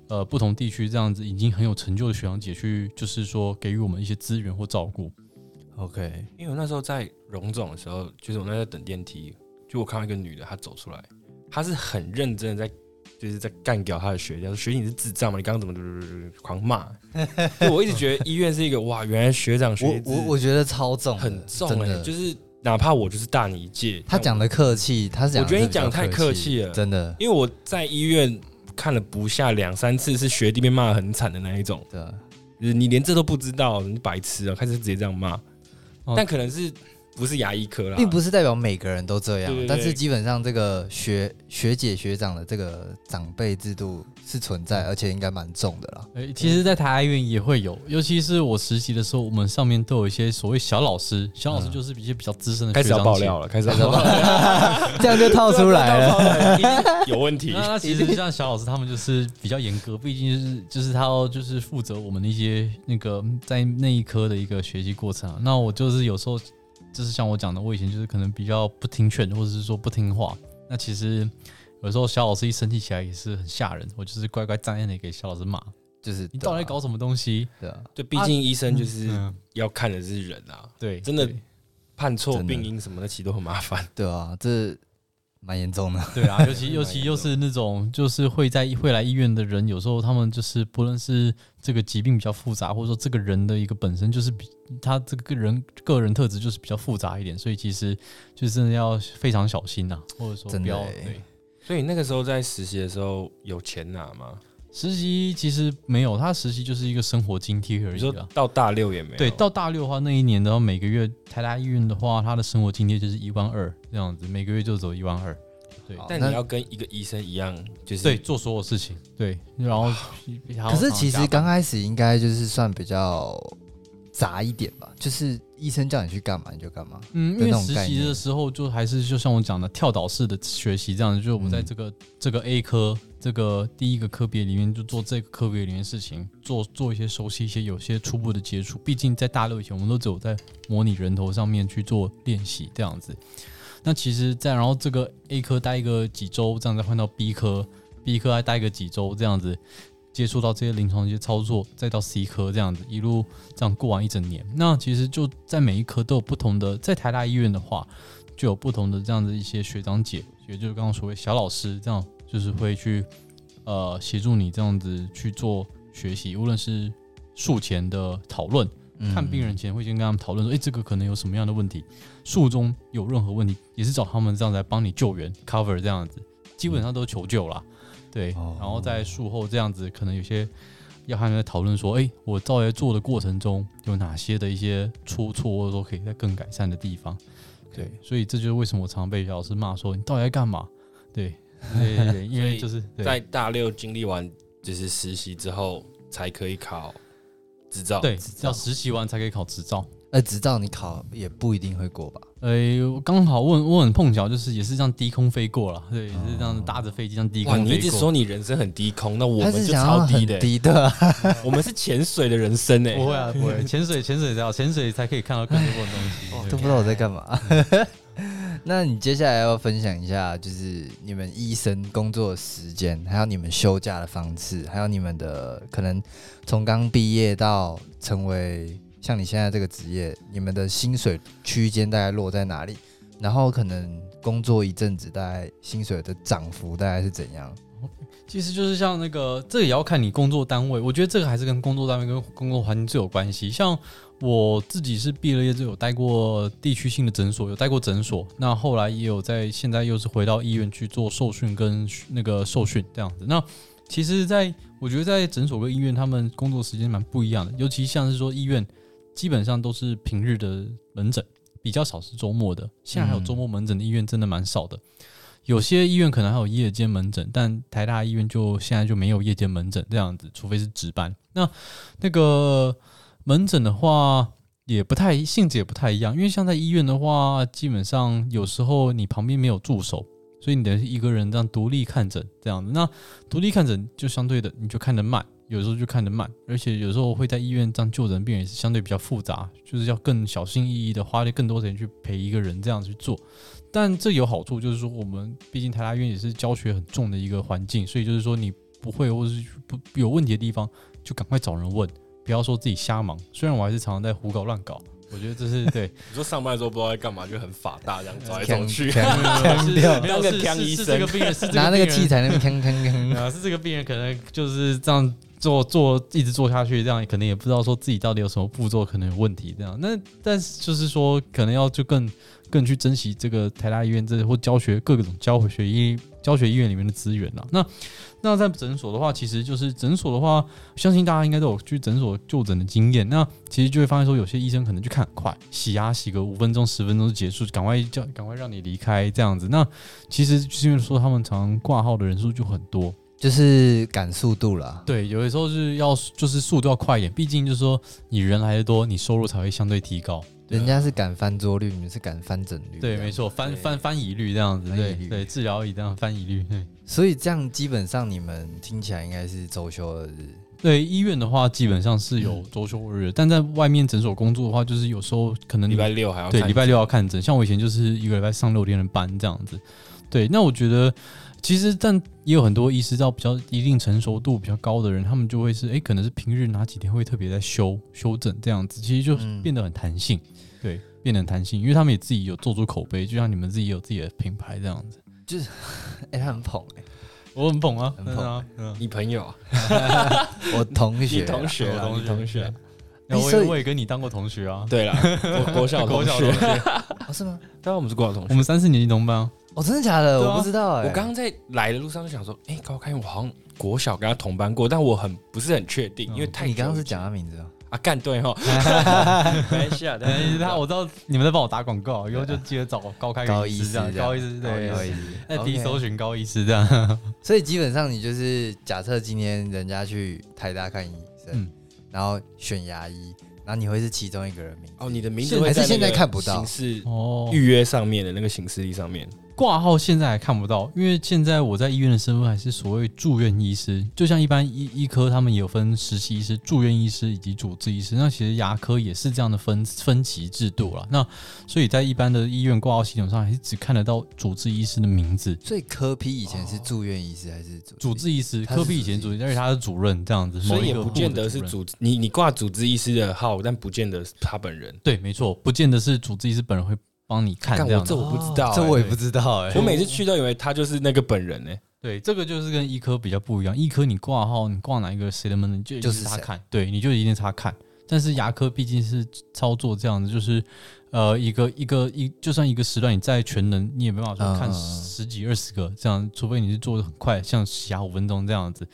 呃，不同地區這樣子已經很有成就的學長姐去，就是說給予我們一些資源或照顧。OK，因為我那時候在榮總的時候，就是我那時候在等電梯，就我看到一個女的，她走出來，她是很認真的在，就是在幹掉她的學她說學你是智障嘛，你剛剛怎麼的、呃呃呃呃、狂罵？就 我一直覺得醫院是一個哇，原來學長學、欸，我我，我覺得超重，很重哎，就是。哪怕我就是大你一屆，他講的客氣，他是我，我覺得你講的太客氣了，真的，因為我在醫院看了不下兩三次，是學弟被罵的很慘的那一種，對，就是，你連這都不知道，你白痴啊，開始直接這樣罵，哦，但可能是。不是牙醫科啦。並不是代表每個人都這樣，對對對，但是基本上這個學學姐學長的這個長輩制度是存在，而且應該蠻重的啦。欸、其實，在台醫院也會有，尤其是我實習的時候，我們上面都有一些所謂小老師。小老師就是一些比較資深的學長、嗯。開始要爆料了，開始要爆料，了。了 這樣就套出來了， 啊欸、有問題。 那，那其實就像小老師，他們就是比較嚴格，畢竟就是他就是負責我們一些那個在那一科的一個學習過程、啊。那我就是有時候。就是像我講的，我以前就是可能比較不聽勸，或者是說不聽話。那其實有時候小老師一生氣起來也是很嚇人。我就是乖乖站着，給小老師罵，就是、啊、你到底在搞什麼東西？對、啊，對，畢竟醫生就是要看的是人啊。對、啊，真的判錯病因什麼的，其實都很麻煩。對，對，對啊，這。蠻嚴重的，對啊，尤其尤其又是那種就是會在會來醫院的人，有時候他們就是不論是這個疾病比較複雜，或者說這個人的一個本身就是比他這個人個人特質就是比較複雜一點，所以其實就是真的要非常小心吶、啊，或者說不要真的、欸、對。所以那個時候在實習的時候有錢拿嗎？實習其實沒有，他實習就是一個生活津貼而已、啊。到大六也沒有。對，到大六的話，那一年的話，每個月台大醫院的話，他的生活津貼就是一萬二這樣子，每個月就走一萬二。對，但你要跟一個醫生一樣，就是、哦、對做所有事情。嗯、對，然後、啊、比較好，可是其實剛開始應該就是算比較雜一點吧，嗯、就是醫生叫你去幹嘛你就幹嘛。嗯，因為實習的時候就還是就像我講的跳島式的學習這樣子，就是我們在這個、嗯、這個 A 科。這個第一個科別裡面就做這個科別裡面的事情，做做一些熟悉一些，有些初步的接觸。畢竟在大六以前，我們都只有在模擬人頭上面去做練習這樣子。那其實在，在然後這個 A 科待一個幾周，這樣再換到 B 科，B 科再待一個幾周，這樣子接觸到這些臨床一些操作，再到 C 科這樣子一路這樣過完一整年。那其實就在每一科都有不同的，在台大醫院的話就有不同的這樣子一些學長姐，也就是剛剛所謂小老師這樣。就是會去，呃，協助你這樣子去做學習，無論是術前的討論，看病人前會先跟他們討論說，誒、嗯欸，這個可能有什麼樣的問題，術中有任何問題也是找他們這樣子來幫你救援 cover 這樣子，基本上都求救啦、嗯，對，然後在術後這樣子可能有些要他們在討論說，誒、欸，我到底在做的過程中有哪些的一些出錯或者說可以再更改善的地方，對、okay，所以這就是為什麼我常常被老師罵說你到底在幹嘛，對。對， 因為就是在大六經歷完就是實習之後才可以考執照，對，要實習完才可以考執照。那、呃、執照你考也不一定會過吧？哎、欸，剛好我很碰巧，就是也是這樣低空飛過了，對，哦、也是這樣搭着飛機這樣低空飛過。你一直說你人生很低空，那我們就超低的、欸，低的、啊我。 我們是潛水的人生哎、欸，不 會不、啊、會，潛水潛水知道，潛水才可以看到更多東西，都不知道我在幹嘛。那你接下來要分享一下，就是你們醫生工作的時間，還有你們休假的方式，還有你們的可能從剛畢業到成為像你現在這個職業，你們的薪水區間大概落在哪裡？然後可能工作一陣子，大概薪水的漲幅大概是怎樣？其實就是像那個，這個也要看你工作單位。我覺得這個還是跟工作單位跟工作環境最有關係。像我自己是畢了業之後，待過地區性的診所，有待過診所。那後來也有在，現在又是回到醫院去做受訓跟那個受訓這樣子。那其實在，在我覺得，在診所跟醫院，他們工作時間蠻不一樣的。尤其像是說，醫院基本上都是平日的門診，比較少是周末的。現在還有周末門診的醫院真的蠻少的。嗯。有些醫院可能還有夜間門診，但台大醫院就現在就沒有夜間門診這樣子，除非是值班。那那個。門診的話也不太性質也不太一樣，因為像在醫院的話，基本上有時候你旁邊沒有助手，所以你得一個人這樣獨立看診這樣子。那獨立看診就相對的你就看得慢，有時候就看得慢，而且有時候會在醫院這樣就診，病人也是相對比較複雜，就是要更小心翼翼的花更多時間去陪一個人這樣去做。但這有好處，就是說我們畢竟台大醫院也是教學很重的一個環境，所以就是說你不會或者是不有問題的地方，就趕快找人問。不要說自己瞎忙，雖然我還是常常在胡搞亂搞， 我覺得這是對。你說上班的時候不知道在幹嘛，就很法大這樣走來走去， 是那個醫生是這個病人，是病人拿那個器材在那邊吭吭，是這個病人可能就是這樣做做一直做下去，這樣可能也不知道說自己到底有什麼步驟可能有問題，這樣，那但是就是說可能要就更。更去珍惜這個台大醫院這個、或教學各種教學醫教學醫院裡面的資源啦。那那在診所的話，其實就是診所的話，相信大家應該都有去診所就診的經驗。那其實就會發現說，有些醫生可能去看快，洗牙、啊、洗個五分鐘、十分鐘就結束，趕快叫趕快讓你離開這樣子。那其實就是因為說他們常掛號的人數就很多，就是趕速度啦。對，有的時候就是要就是速度要快一點，畢竟就是說你人來得多，你收入才會相對提高。人家是敢翻桌率，你們是敢翻診率。對，沒錯，翻翻翻椅率這樣子。對對，對，治療椅這樣翻椅率，對。所以這樣基本上你們聽起來應該是周休日。對，醫院的話基本上是有周休日、嗯，但在外面診所工作的話，就是有時候可能禮拜六還要看，對，禮拜六要看診。像我以前就是一個禮拜上六天的班這樣子。對，那我覺得其實但也有很多醫師到比較一定成熟度比較高的人，他們就會是哎、欸，可能是平日哪幾天會特別在休休整這樣子，其實就變得很彈性。嗯對，變得很彈性，因為他們也自己有做出口碑，就像你們自己有自己的品牌這樣子。就是哎、欸，他很捧哎、欸，我很捧啊，很捧啊，你朋友、啊， 我同學，你同學，你同學，然後我因我也跟你當過同學啊。對了，我國小同學， 同學哦、是嗎？當 然我，我們是國小同學，我們三四年級同班、啊。哦，真的假的？啊、我不知道哎、欸。我剛剛在來的路上就想說，哎、欸，剛剛我好像國小跟他同班過，但我很不是很確定、嗯，因為他、哦。你剛剛是講他名字啊。啊，幹對齁！等一下，等一下，我知道你們在幫我打廣告，以後就記得找高開醫高醫師這樣，高醫師，這樣高醫師對，高醫師那低搜尋高醫師這樣。這樣 okay. 所以基本上你就是假設今天人家去台大看醫生、嗯，然後選牙醫，然後你會是其中一個人名哦，你的名字在在還是現在看不到，形式預約上面的那個形式上面。掛號現在還看不到，因為現在我在醫院的身份還是所謂住院醫師，就像一般醫醫科他們也有分實習醫師、住院醫師以及主治醫師，那其實牙科也是這樣的分分級制度啦。那所以在一般的醫院掛號系統上，還是只看得到主治醫師的名字。所以柯 P 以前是住院醫師還是主治醫師？柯 P、哦、柯 P 以前主治，但是他是主任這樣子，所以也不見得是主治、嗯。你你掛主治醫師的號，但不見得是他本人。對，沒錯，不見得是主治醫師本人會幫你看這我這我不知道、欸，這、哦、我也不知道哎、欸。我每次去都以為他就是那個本人呢、欸。對，這個就是跟醫科比較不一樣。醫科你掛號，你掛哪一個誰的門，就就是他看、就是。對，你就一定是他看。但是牙科畢竟是操作這樣子，就是呃，一個一個一，就算一個時段你再全能，你也沒辦法說看十幾二十個、嗯、這樣，除非你是做得很快，像洗牙五分鐘這樣子。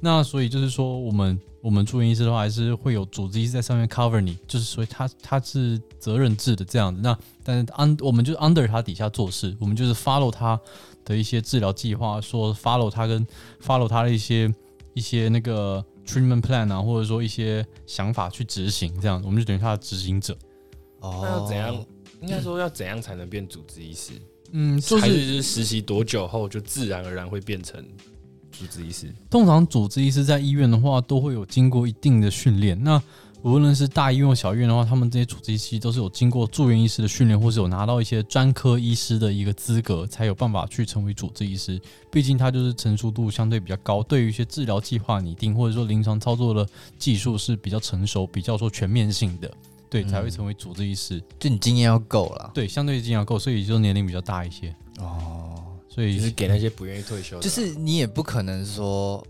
那所以就是說我，我們我們住院醫師的話，還是會有主治醫師在上面 cover 你，就是所以他他是責任制的這樣子。那但是，安我們就是 under 他底下做事，我們就是 follow 他的一些治療計劃，說 follow 他跟 follow 他的一些一些那個 treatment plan 啊，或者說一些想法去執行，這樣我們就等於他的執行者。哦。那要怎樣？哦、應該說要怎樣才能變主治醫師？嗯，嗯就是，是實習多久後就自然而然會變成主治醫師？通常主治醫師在醫院的話，都會有經過一定的訓練。那無論是大醫院或小醫院的話，他們這些主治醫師都是有經過住院醫師的訓練，或是有拿到一些專科醫師的一個資格，才有辦法去成為主治醫師。畢竟他就是成熟度相對比較高，對於一些治療計劃擬定，或者說臨床操作的技術是比較成熟，比較說全面性的，對，才會成為主治醫師。嗯，就你經驗要夠了，對，相對經驗要夠，所以就年齡比較大一些哦。所以就是給那些不願意退休的，就是你也不可能說。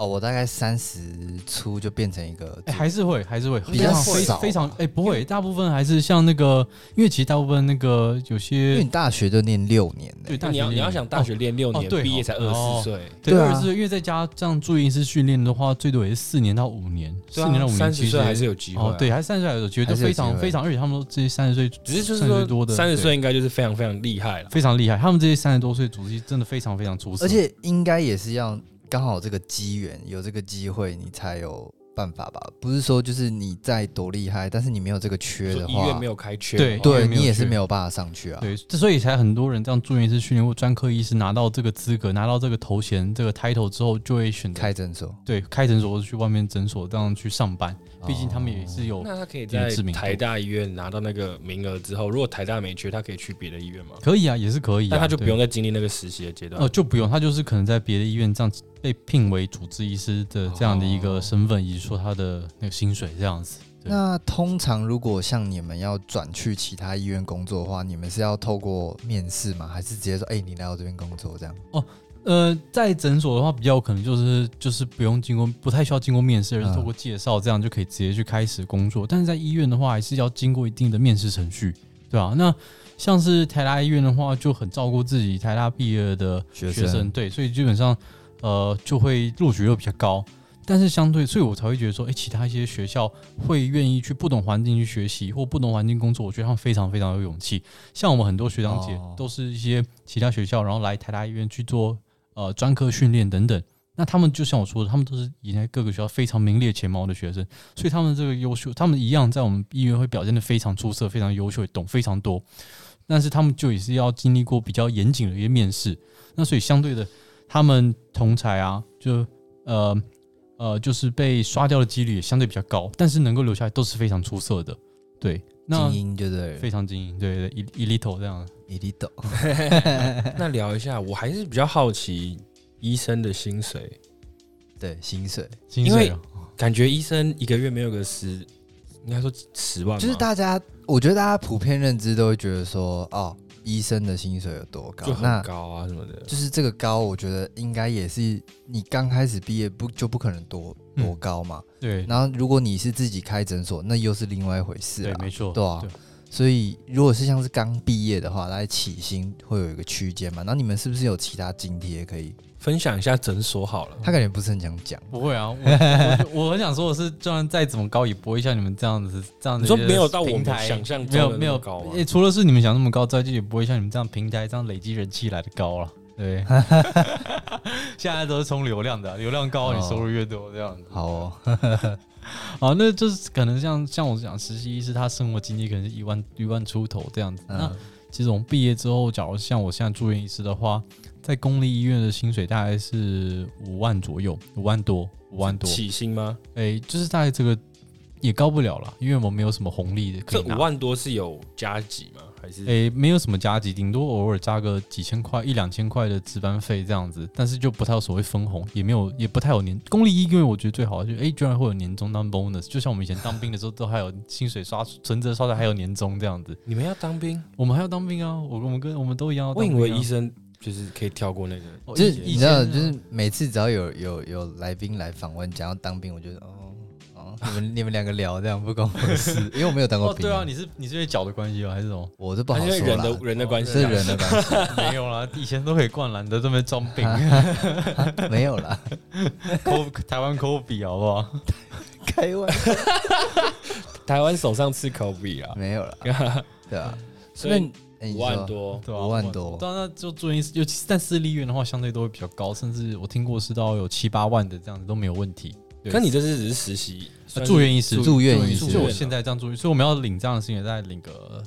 哦，我大概三十出就變成一個、欸，還是會還是會比較少、啊，非常哎、欸、不會，大部分還是像那個，因為其實大部分那個有些，因為你大學都念六年、欸，對，你要、哦、你要想大學念六年，畢、哦哦哦、業才、哦啊、二十四歲，對二十四歲，因為再加上樣做一次訓練的話，最多也是四年到五年，啊、四年到五年，其實還是有機會、啊哦，對，還三十歲的時候覺得非常非常，而且他們這些三十歲，只是就是說三十歲應該就是非常非常厲害了，非常厲害，他們這些三十多歲組織真的非常非常出色，而且應該也是要。剛好這個機緣有這個機會，你才有辦法吧？不是說就是你再多厲害，但是你沒有這個缺的話，醫院沒有開缺，對，對，醫院沒有缺，你也是沒有辦法上去啊。對，所以才很多人這樣，住院醫師、訓練或、專科醫師拿到這個資格，拿到這個頭銜、這個 title 之後，就會選擇開診所，對，開診所或者去外面診所這樣去上班。畢竟他們也是有，那他可以在台大醫院拿到那個名額之後，如果台大沒去，他可以去別的醫院嗎？可以啊，也是可以、啊。那他就不用再經歷那個實習的階段哦、呃，就不用，他就是可能在別的醫院這樣被聘為主治醫師的這樣的一個身份，以、哦、及說他的那個薪水這樣子。那通常如果像你們要轉去其他醫院工作的話，你們是要透過面試嗎？還是直接說，哎、欸，你來我這邊工作這樣？哦。呃，在診所的話比較有可能就是就是不用經過，不太需要經過面試，而是透過介紹，這樣就可以直接去開始工作。但是在醫院的話，還是要經過一定的面試程序，對吧？那像是台大醫院的話，就很照顧自己台大畢業的學生、學生，對，所以基本上呃就會錄取率比較高。但是相對，所以我才會覺得說，哎，其他一些學校會願意去不同環境去學習或不同環境工作，我覺得他們非常非常有勇氣。像我們很多學長姐、哦、都是一些其他學校，然後來台大醫院去做，呃，專科訓練等等，那他們就像我說的，他們都是以前各個學校非常名列前茅的學生，所以他們這個優秀，他們一樣在我們醫院會表現得非常出色，非常優秀，也懂非常多。但是他們就也是要經歷過比較嚴謹的一些面試，那所以相對的，他們同儕啊，就呃呃，就是被刷掉的幾率也相對比較高，但是能夠留下來都是非常出色的，對。精英對不對非常精英，對,對對，一一 little 這樣。一 little， 那聊一下，我還是比較好奇醫生的薪水。對薪水,薪水啊，因為感覺醫生一個月沒有個十，應該說十萬。就是大家，我覺得大家普遍認知都會覺得說，哦。醫生的薪水有多高？那高啊，什麼的。就是這個高，我覺得應該也是你剛開始畢業不就不可能多、嗯、多高嘛。對。然後，如果你是自己開診所，那又是另外一回事了啊。對，沒錯，對啊。對所以，如果是像是剛畢業的話，來起薪會有一個區間嘛？那你們是不是有其他津貼可以分享一下？診所好了，他感覺不是很想講。不會啊，我， 我，我很想說的是，就算再怎麼高，也不會像你們這樣子這樣子，這樣子你說沒有到我們平台想象沒有沒有高、欸。除了是你們想那麼高，再就也不會像你們這樣平台這樣累積人氣來得高了。對， 現在都是衝流量的，流量高、啊，你收入越多這樣子。哦、好、哦。 啊，那就是可能像像我講實習醫師，他生活經濟可能是一萬一萬出頭這樣子。那其實我們畢業之後，假如像我現在住院醫師的話，在公立醫院的薪水大概是五萬左右，五萬多，五萬多起薪嗎？哎、欸，就是大概這個也高不了了，因為我們沒有什麼紅利的。這五萬多是有加急嗎？誒、欸，沒有什麼加急，頂多偶爾加個幾千塊、一兩千塊的值班費這樣子，但是就不太有所謂分紅，也沒有，也不太有年。公立醫院我覺得最好，就、欸、哎，居然會有年終當 bonus，就像我們以前當兵的時候， 都還有薪水刷存折刷的，還有年終這樣子。你們要當兵？我們還要當兵啊！我我們跟我們都一樣當兵、啊。我以為醫生就是可以跳過那個、哦，就是你知道，就是每次只要有有有來賓來訪問，講要當兵，我覺得。哦。你們你們，兩個聊這樣不關我事，因為我沒有當過兵。哦，對啊，你是你是因為腳的關係嗎？還是什麼？我是不好說啦。人的人的關係哦，是人的關係，是人的關係， 沒有啦，以前都可以灌籃的，都沒裝病、啊啊。沒有啦，扣 台灣扣幣好不好？開胃。台灣手上吃扣幣啊，沒有啦，對啊，所以五、啊欸，萬多，對啊五萬多，當然、啊、就注意，尤其在私立院的話，相對都會比較高，甚至我聽過是到有七八萬的這樣子都沒有問題。可，你這次只是實習。呃、住院醫師，住院醫師，就我現在這樣住院，所以我們要領這樣的薪水，再領個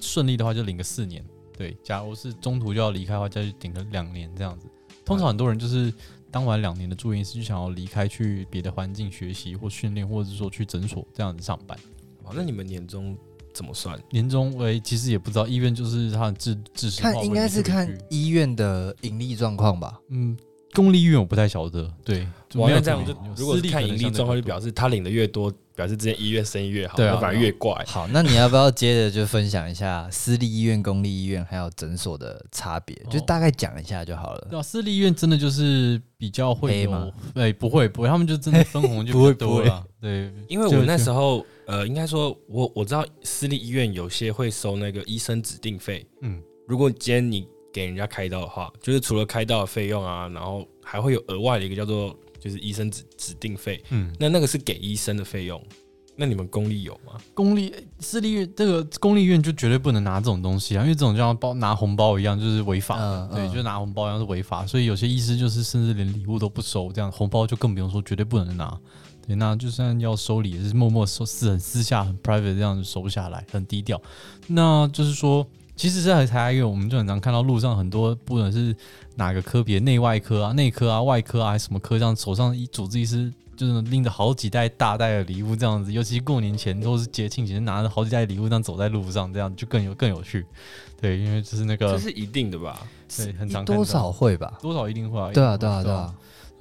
順利的話就領個四年。對，假如是中途就要離開的話，再去領個兩年這樣子。通常很多人就是當完兩年的住院醫師，就想要離開去別的環境學習或訓練，或者是說去診所這樣子上班。好吧，那你們年終怎麼算？年終誒，其實也不知道醫院就是他制制式，看應該是看醫院的盈利狀況吧。嗯。公立醫院我不太曉得，對，沒有這樣子。如果私立看盈利狀況，就表示他領的越多，哦、表示這家醫院生意越好，對、啊、反而越怪。好，那你要不要接着就分享一下私立醫院、 公立醫院還有診所的差別？就大概講一下就好了、哦、對啊。私立醫院真的就是比較會有，對不會不會，他們就真的分紅就多 不會多了。對，因為我那時候，呃，應該說我我知道私立醫院有些會收那個醫生指定費。嗯，如果今天你。給人家開刀的話，就是除了開刀的費用啊，然後還會有額外的一個叫做，就是醫生指指定費。嗯，那那個是給醫生的費用。那你們公立有嗎？公立私立院這個公立醫院就絕對不能拿這種東西啊，因為這種就像包拿紅包一樣，就是違法、嗯嗯、對，就拿紅包一樣是違法，所以有些醫師就是甚至連禮物都不收，這樣紅包就更不用說，絕對不能拿。對，那就算要收禮，也是默默收，私私下很 private 這樣收下來，很低調。那就是說。其實，在台灣醫院，我們就很常看到路上很多，不管是哪個科別，內外科啊、內科啊、外科啊，還是什麼科這樣，手上主治醫師就是拎着好幾袋大袋的禮物這樣子。尤其是過年前都是節慶，節，拿着好幾袋禮物這樣走在路上，這樣就更有更有趣。對，因為就是那個，這是一定的吧？對，很常看，多少會吧？多少一定會啊，對啊，對啊，對啊。對啊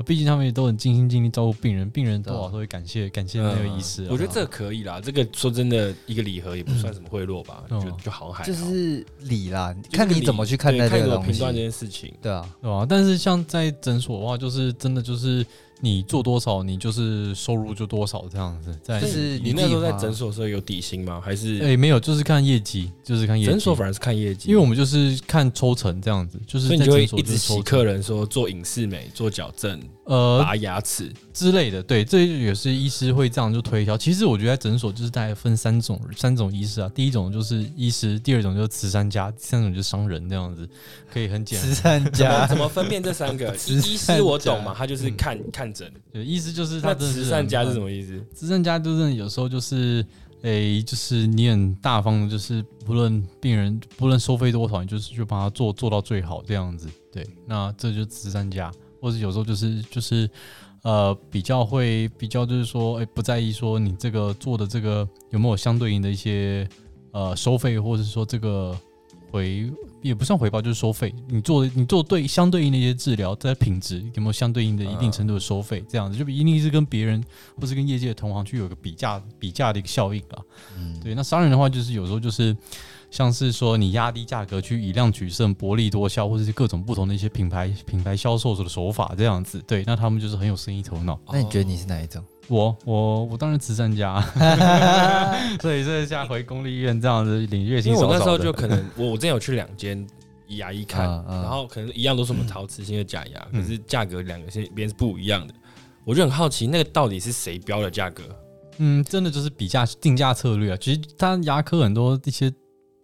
畢竟他們也都很盡心盡力照顧病人，病人多少都會感謝、啊、感謝那個醫師、嗯。我覺得這個可以啦，這個說真的，一個禮盒也不算什麼賄賂吧，嗯、就就航海。就是禮啦、就是禮，看你怎麼去看待這、那個東西。判斷這件事情，對啊，對啊。但是像在診所的話，就是真的就是。你做多少，你就是收入就多少這樣子。就是你那時候在診所的時候有底薪嗎？還是哎沒有，就是看業績，就是看業績，診所，反而是看業績。因為我們就是看抽成這樣子，就是，在診所就是抽成，你就會一直洗客人，說做隱適美，做矯正。呃，拔牙齒之類的，對，這也是醫師會這樣就推銷、嗯。其實我覺得在診所就是大概分三種，三種醫師啊。第一種就是醫師，第二種就是慈善家，第三種就是商人這樣子，可以很簡單。慈善家怎麼,怎麼分辨這三個慈善家？醫師我懂嘛，他就是看、嗯、看診。對，醫師就是他是。慈善家是什麼意思？慈善家就是有時候就是，哎、欸，就是你很大方的，就是不論病人不論收費多少，你就是去幫他做做到最好這樣子。對，那這就是慈善家。或者有時候就是就是，呃，比較會比較就是說，哎、欸，不在意說你這個做的這個有沒有相對應的一些呃收費，或者說這個回也不算回報，就是收費，你做你做對相對應的一些治療，這品質有沒有相對應的一定程度的收費，這樣子、嗯、就一定是跟別人或者跟業界同行去有一個比價比價的一個效應啊。嗯、對，那商人的話就是有時候就是。像是說你壓低價格去以量取勝薄利多銷，或者是各種不同的一些品牌品牌銷售的手法這樣子，對，那他們就是很有生意頭腦。那你覺得你是哪一種？我我我當然慈善家、啊， 所以是像回公立醫院這樣子領月薪、嗯、我那時候就可能我我之前有去兩間牙醫看、嗯，然後可能一樣都是我們陶瓷型的假牙，嗯、可是價格兩個這邊是不一樣的。嗯、我就很好奇，那個到底是誰標的價格？嗯，真的就是比價定價策略啊。其實他牙科很多一些。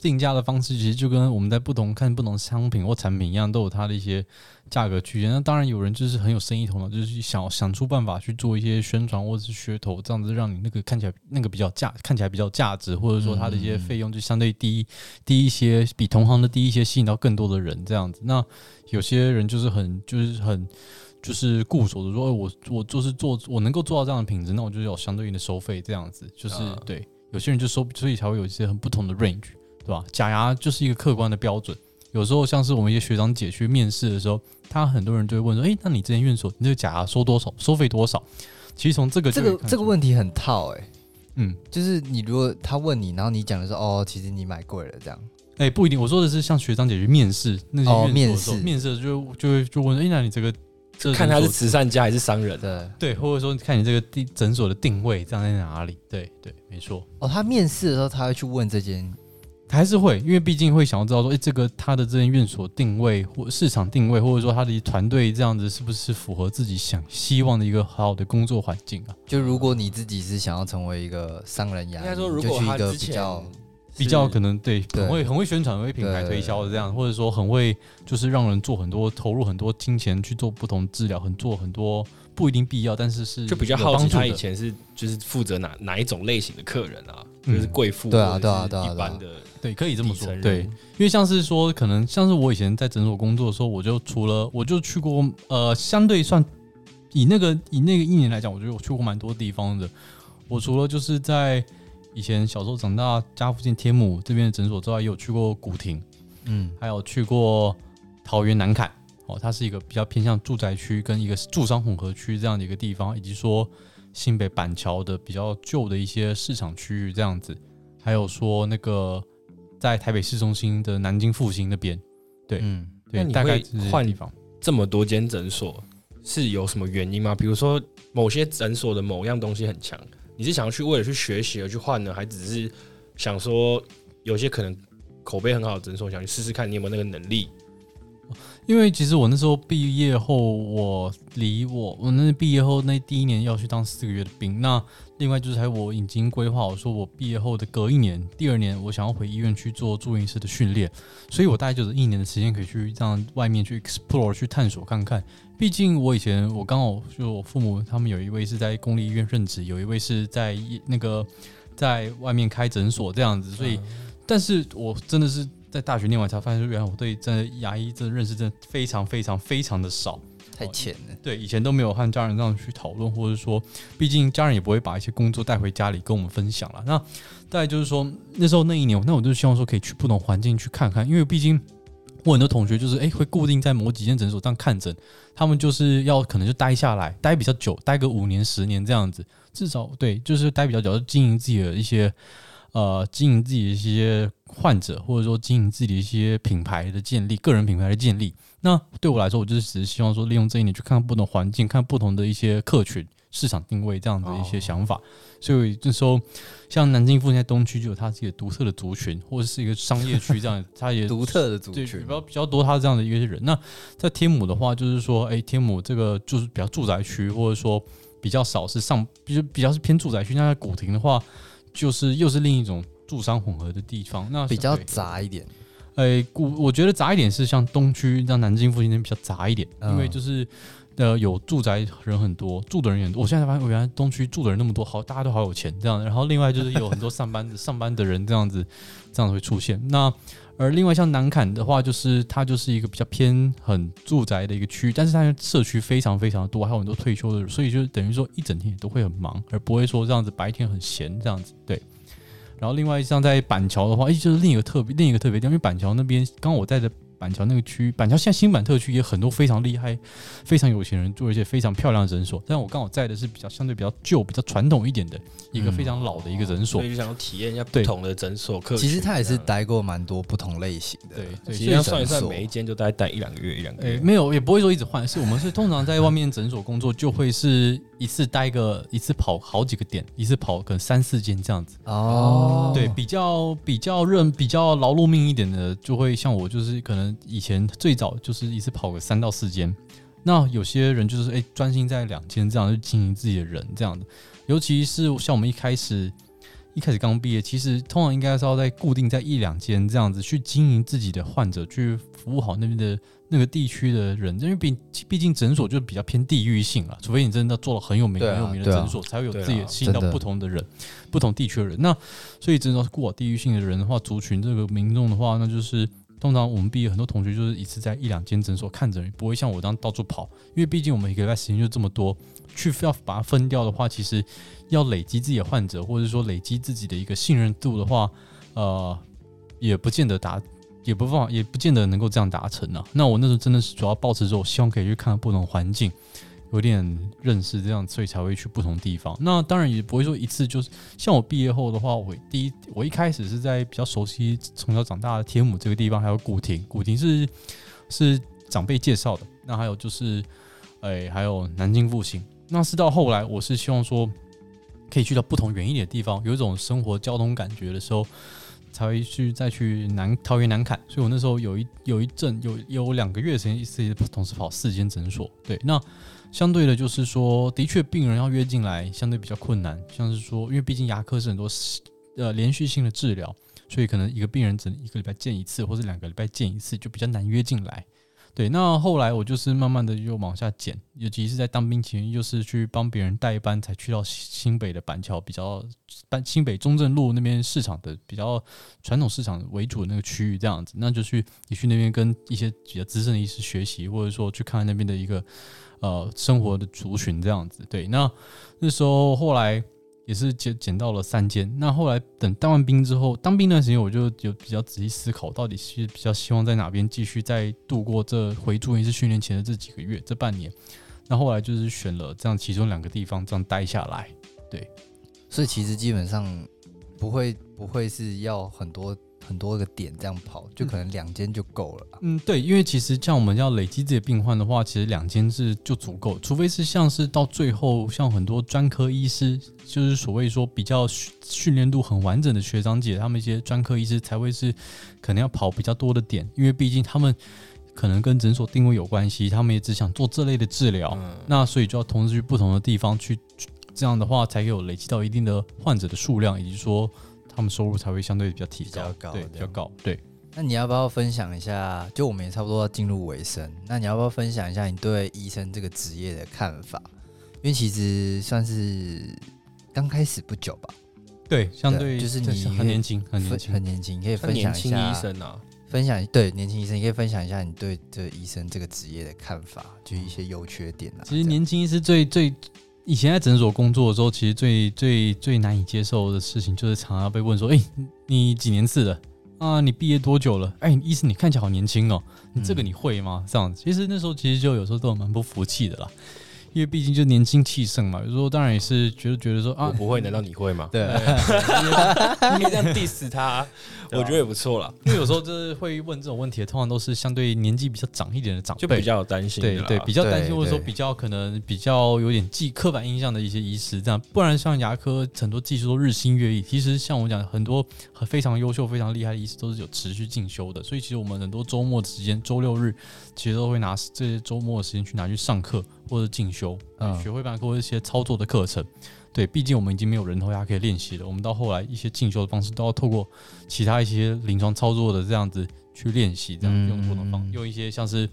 定價的方式其實就跟我們在不同看不同商品或產品一樣，都有它的一些價格區間。那當然有人就是很有生意頭腦，就是想想出辦法去做一些宣傳或者是噱頭，這樣子讓你那個看起來那個比較價看起來比較價值，或者說它的一些費用就相對低低一些，比同行的低一些，吸引到更多的人。這樣子，那有些人就是很就是很就是固守的說，欸、我我就是做我能夠做到這樣的品質，那我就有相對應的收費。這樣子就是、嗯、對有些人就收，所以才會有一些很不同的 range。對吧？假牙就是一個客觀的標準。有時候像是我們一些學長姐去面試的時候，他很多人就會問說：“哎、欸，那你這間院所你這個假牙收多少？收費多少？”其實從這個這個這個問題很套哎，嗯，就是你如果他問你，然後你講的時候哦，其實你買貴了這樣。哎、欸，不一定。我說的是像學長姐去面試那些哦，面試面試就會就就問說：“哎、欸，那你這個看他是慈善家還是商人？對對，或者說看你這個診診所的定位站在哪裡？對對，沒錯。哦，他面試的時候他會去問這間。”還是會，因為畢竟會想要知道說，哎、欸，這個他的這間院所定位或市場定位，或者說他的團隊這樣子是不是符合自己想希望的一個好，好的工作環境啊？就如果你自己是想要成為一個商人員，應該說如果他一個比較比較可能對，對很會很會宣傳，很會品牌推銷的這樣，對對對或者說很會就是讓人做很多投入很多金錢去做不同治療，很做很多不一定必要，但是是就比較好奇他以前是就是負責哪哪一種類型的客人啊？就是貴婦、嗯、對啊對啊對啊，對啊一般的。對，可以這麼說。對，因為像是說，可能像是我以前在診所工作的時候，我就除了我就去過呃，相對算以那個以那個一年來講，我覺得我去過蠻多地方的。我除了就是在以前小時候長大家附近天母這邊的診所之外，也有去過古亭，嗯，還有去過桃園南崁。哦，它是一個比較偏向住宅區跟一個住商混合區這樣的一個地方，以及說新北板橋的比較舊的一些市場區域這樣子，還有說那個。在台北市中心的南京復興那邊，對，嗯，對，你大概換地方這麼多間診所是有什麼原因嗎？比如說某些診所的某樣東西很強，你是想要去為了去學習而去換呢？還只是想說有些可能口碑很好的診所想去試試看，你有沒有那個能力？因為其實我那時候畢業後，我離我我那畢業後那第一年要去當四個月的兵，那。另外就是還有我已經規劃，我說我畢業後的隔一年、第二年，我想要回醫院去做住院醫師的訓練，所以我大概就是一年的時間可以去這樣外面去 explore 去探索看看。畢竟我以前我剛好就我父母他們有一位是在公立醫院任職，有一位是在那個在外面開診所這樣子，所以、嗯，但是我真的是在大學念完才發現，原來我對在牙醫這的認識真的非常非常非常的少。太淺了，哦。對，以前都沒有和家人這樣去討論，或者說，畢竟家人也不會把一些工作帶回家裡跟我們分享了。那再來就是說，那時候那一年，那我就希望說可以去不同環境去看看，因為畢竟我很多同學就是哎、欸，會固定在某幾間診所這樣看診，他們就是要可能就待下來，待比較久，待個五年十年這樣子，至少對，就是待比較久，要經營自己的一些。呃，經營自己一些患者，或者說經營自己一些品牌的建立，個人品牌的建立。那對我來說，我就只是希望說，利用這一點去看看不同環境，看不同的一些客群、市場定位這樣的一些想法。哦、所以這時候，像南京附近在東區就有它自己的獨特的族群，或者是一個商業區這樣， 它也獨特的族群比較比較多。它這樣的一個人，那在天母的話，就是說，哎，天母這個就是比較住宅區，或者說比較少是上，就比較是偏住宅區。那在古亭的話。就是又是另一種住商混合的地方，那比較雜一點。哎、欸，古我覺得雜一點是像東區，像南京附近那邊比較雜一點，嗯、因為就是呃有住宅人很多，住的人也多。我現在發現原來東區住的人那麼多，好大家都好有錢這樣。然後另外就是有很多上班的 上班的人這樣子，這樣子會出現那。而另外像南坎的話，就是它就是一個比較偏很住宅的一個區域，但是它的社區非常非常多，還有很多退休的人，所以就等於說一整天也都會很忙，而不會說這樣子白天很閒這樣子。對。然後另外像在板橋的話，哎、欸，就是另一個特別另一個特別地方，因為板橋那邊剛好我在這板橋那個區，板橋現在新板特區也很多非常厲害、非常有錢人做一些非常漂亮的診所，但我剛好在的是比較相對比較舊、比較傳統一點的一個非常老的一個診所、嗯哦，所以就想體驗一下不同的診所客。其實他也是待過蠻多不同類型的，對，對，所以，所以要算一算，每一間就待待一兩個月，嗯、一兩個月、欸、沒有，也不會說一直換。是我們是通常在外面診所工作，就會是一次待個，一次跑好幾個點，一次跑可能三四間這樣子。哦，嗯、對，比較比較認、比較勞碌命一點的，就會像我，就是可能。以前最早就是一次跑個三到四間，那有些人就是欸專心在兩間這樣去經營自己的人這樣的，尤其是像我們一開始一開始剛畢業，其實通常應該是要在固定在一兩間這樣子去經營自己的患者，去服務好那邊的那個地區的人，因為畢畢竟診所就是比較偏地域性了，除非你真的做了很有名，啊、很有名的診所，啊啊，才會有自己的吸引到不同的人，啊啊，的不同地區的人。那所以真的是過地域性的人的話，族群這個民眾的話，那就是。通常我們畢業很多同學就是一次在一兩間診所看診，不會像我這樣到處跑，因為畢竟我們一個禮拜時間就這麼多，去非要把它分掉的話，其實要累積自己的患者，或者說累積自己的一個信任度的話，呃，也不見得達，也不放，也不見得能夠這樣達成呢、啊。那我那時候真的是主要抱持着我希望可以去看不同環境。有點認識這樣，所以才會去不同地方。那當然也不會說一次就是像我畢業後的話，我第一我一開始是在比較熟悉從小長大的天母這個地方，還有古亭，古亭是是長輩介紹的。那還有就是，哎、欸，還有南京復興。那是到後來，我是希望說可以去到不同遠一點的地方，有一種生活交通感覺的時候，才會去再去南桃園南崁。所以我那時候有一有一陣有有兩個月的時間，一次同時跑四間診所。對，那。相對的，就是說，的確，病人要約進來相對比較困難。像是說，因為畢竟牙科是很多呃連續性的治療，所以可能一個病人只能一個禮拜見一次，或者兩個禮拜見一次，就比較難約進來。對，那後來我就是慢慢的又往下減，尤其是在當兵前，又、就是去幫別人代班，才去到新北的板橋比較板新北中正路那邊市場的比較傳統市場為主的那個區域這樣子，那就去你去那邊跟一些比較資深的醫師學習，或者說去看看那邊的一個。呃，生活的族群這樣子，對。那那時候後來也是撿撿到了三間。那後來等當完兵之後，當兵那段時間我就有比較仔細思考，到底是比較希望在哪邊繼續再度過這回住院醫師訓練前的這幾個月這半年。那後來就是選了這樣其中兩個地方這樣待下來，對。所以其實基本上不會不會是要很多。很多個點這樣跑，就可能兩間就夠了，啊嗯。嗯，對，因為其實像我們要累積這些病患的話，其實兩間是就足夠，除非是像是到最後，像很多專科醫師，就是所謂說比較訓練度很完整的學長姐，他們一些專科醫師才會是可能要跑比較多的點，因為畢竟他們可能跟診所定位有關係，他們也只想做這類的治療，嗯、那所以就要同時去不同的地方去，這樣的話才會有累積到一定的患者的數量，以及說。他們收入才會相對比較提高。比較高，對，比較高，對。那你要不要分享一下？就我們也差不多進入尾聲，那你要不要分享一下你對醫生這個職業的看法？因為其實算是剛開始不久吧。對，相對於就是你很年輕，很年輕，很年輕，年你可以分享一下年輕醫生啊，分享對年輕醫生，你可以分享一下你對這醫生這個職業的看法，就一些優缺點啊，其實年輕醫師最最。以前在診所工作的時候，其實最最最難以接受的事情，就是常常要被問說：“哎、欸，你幾年次了？啊，你畢業多久了？哎、欸，醫師你看起來好年輕哦、喔，這個你會嗎？”嗯、這樣子，其實那時候其實就有時候都蠻不服氣的啦。因為畢竟就年輕氣盛嘛，有時候當然也是覺得覺得說啊，我不會，難道你會嗎？對， 你可以這樣 diss 他，啊，我覺得也不錯啦。因為有時候就是會問這種問題，通常都是相對年紀比較長一點的長輩，就比較有擔心，對對，對對，比較擔心，或者說比較可能比較有點記刻板印象的一些醫師這樣，不然像牙科很多技術都日新月異。其實像我講，很多非常優秀、非常厲害的醫師都是有持續進修的，所以其實我們很多周末的時間，周六日。其實都會拿這些周末的時間去拿去上課或者進修，嗯、學會辦過一些操作的課程。對，畢竟我們已經沒有人頭牙可以練習了。我們到後來一些進修的方式，都要透過其他一些臨床操作的這樣子去練習，這樣子用不能方、嗯、用一些像是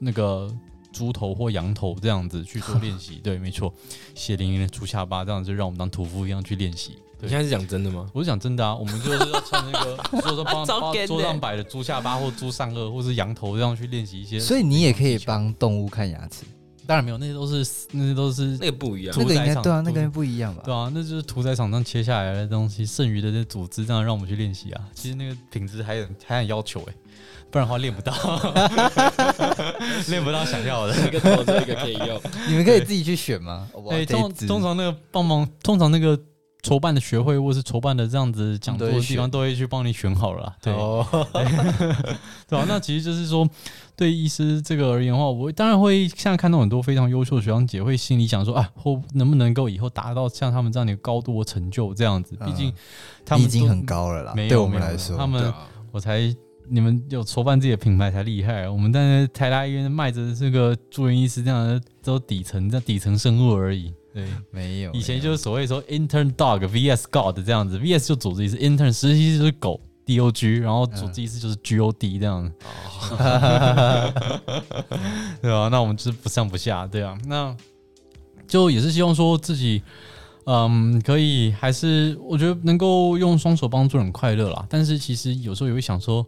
那個。豬頭或羊頭這樣子去做練習，呵呵對，沒錯，血淋淋的豬下巴這樣子就讓我們當屠夫一樣去練習。你現在是講真的嗎？我是講真的啊，我們就是要穿那個，桌上放桌上擺的豬下巴或豬上顎，或是羊頭這樣去練習一些。所以你也可以幫動物看牙齒？當然沒有，那些都是，那些都是，那個不一樣，屠宰場那個應該，對啊，那個不一樣吧？對啊，那就是屠宰場上切下來的東西，剩餘的那組織這樣讓我們去練習啊。其實那個品質還有還很要求哎、欸，不然的話練不到，練 不到想要的。一個頭，頭一個可以用， 你們可以自己去選嗎？欸、通常通常那個幫忙，通常那個籌辦的學會或是籌辦的這樣子講座的地方都會去幫你選好了。對， 對吧、啊？那其實就是說。對醫師這個而言的話，我當然會現在看到很多非常優秀的學長姐，會心裡想說啊，我能不能夠以後達到像他們這樣的高度和成就這樣子？畢竟他們、嗯、已經很高了啦。沒有，對我們來說，他們我才，你們有創辦自己的品牌才厲害，我們在台大醫院賣着這個住院醫師這樣的，都底層，在底層生物而已。對，沒有，以前就是所謂說 intern dog vs god 這樣子，vs 就組織一次 intern, intern 實際就是狗。D O G，然後組織意思就是 G O D 這樣，嗯， 對啊，那我們就是不上不下，對啊。那就也是希望說自己，嗯，可以還是我覺得能夠用雙手幫助人快樂啦。但是其實有時候也會想說，